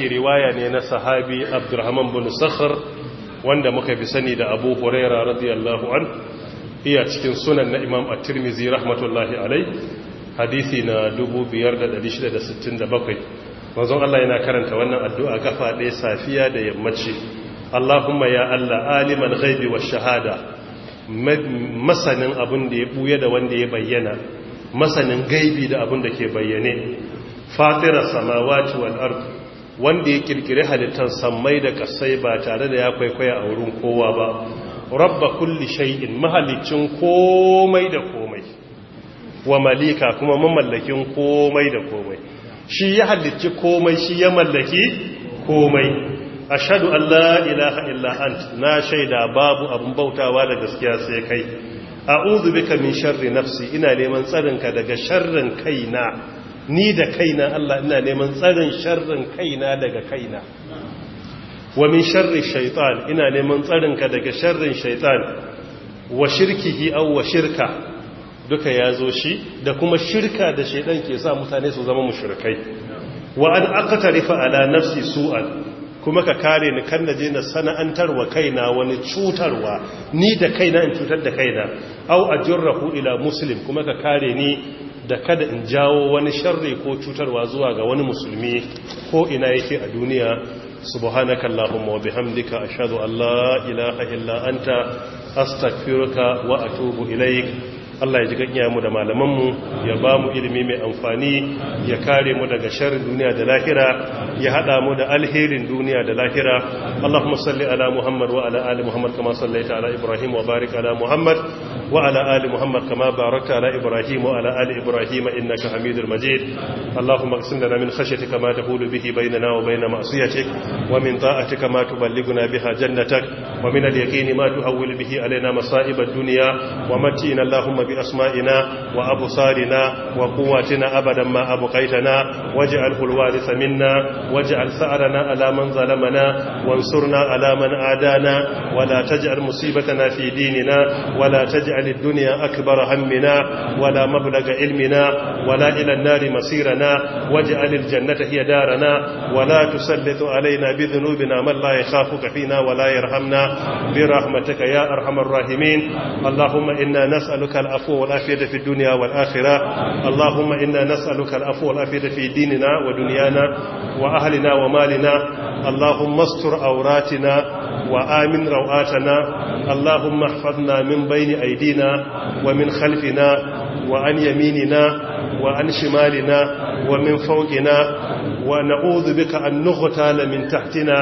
ce riwaya ne na sahabi abdurrahman bin sakhar wanda muka fi sani da abu huraira radiyallahu an iya cikin sunan na imam at-tirmidhi rahmatullahi alai hadisi na 5667 manzon Allah yana karanta wannan addu'a kafa ɗaya safiya da yammaci Allahumma ya Allah aliman ghaibi wash shahada masanin abin da ya buya da wanda ya bayyana masanin gaibi da abin da ke bayyane fatira samawati wal ardh wanda ya kirkiri halittar sammai da kasai ba tare da ya kwaikwaya a wurin kowa ba rabba kulli shay'in mahalicin komai da komai wa malika kuma mamallakin komai da komai shi ya halicci komai shi ya mallaki komai ashhadu an la ilaha illa ant na shaida babu abun bautawa da gaskiya sai kai a'udhu bika min sharri nafsi ina neman tsarinka daga sharrin kaina ni da kaina Allah ina neman tsarin sharrin kaina daga kaina wa min sharri shaitan ina neman tsarin ka daga sharrin shaitan wa shirkihi aw wa shirka duka yazo shi da kuma shirka da shaitan ke sa mutane su zama mushrikai wa an aqtarifa ala nafsi su'an kuma ka kare ni kan naje na wa kaina wani cutarwa ni da kaina in cutar da kaina aw ajurrahu ila muslim kuma ka kare ni da kada in jawo wani sharri ko cutarwa zuwa ga wani musulmi ko ina yake a duniya subhanaka allahumma wa bihamdika ashhadu an la ilaha illa anta astaghfiruka wa atubu ilaik Allah ya ji kan mu da malamanmu ya ba mu ilimi mai amfani ya kare mu daga sharrin duniya da lahira ya hada mu da alherin duniya da lahira Allahumma salli ala Muhammad wa ala ali Muhammad kama sallaita ala Ibrahim wa barik ala Muhammad wa ala ali Muhammad kama barakta ala Ibrahim wa ala ali Ibrahim innaka Hamidul Majid Allahumma qsim lana min khashyatika ma tahulu bihi bainana wa bain ma'siyatik wa min ta'atika ma tuballighuna biha jannatak wa min al-yaqini ma tuhawwil bihi alaina masa'ib ad-dunya wa matina Allahumma bi wa absarina wa quwwatina abadan ma abqaitana waj'al hulwarisa minna waj'al sa'rana ala man zalamana wansurna ala adana wa fi dinina wa la akbar hammina wa la ilmina wa la ila an-nari jannata hiya darana wa la tusallit bi dhunubina man la yakhafuka fina yarhamna bi rahmatika arhamar rahimin اللهم إنا نسألك الأفضل العفو والعافية في الدنيا والآخرة اللهم إنا نسألك العفو والعافية في ديننا ودنيانا وأهلنا ومالنا اللهم استر أوراتنا وآمن روآتنا اللهم احفظنا من بين أيدينا ومن خلفنا وعن يميننا وعن شمالنا ومن فوقنا ونعوذ بك أن نغتال من تحتنا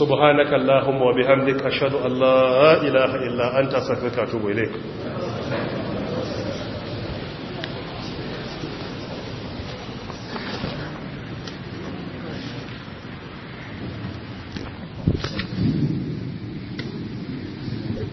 سبحانك اللهم وبحمدك أشهد أن لا إله إلا أنت أستغفرك وأتوب إليك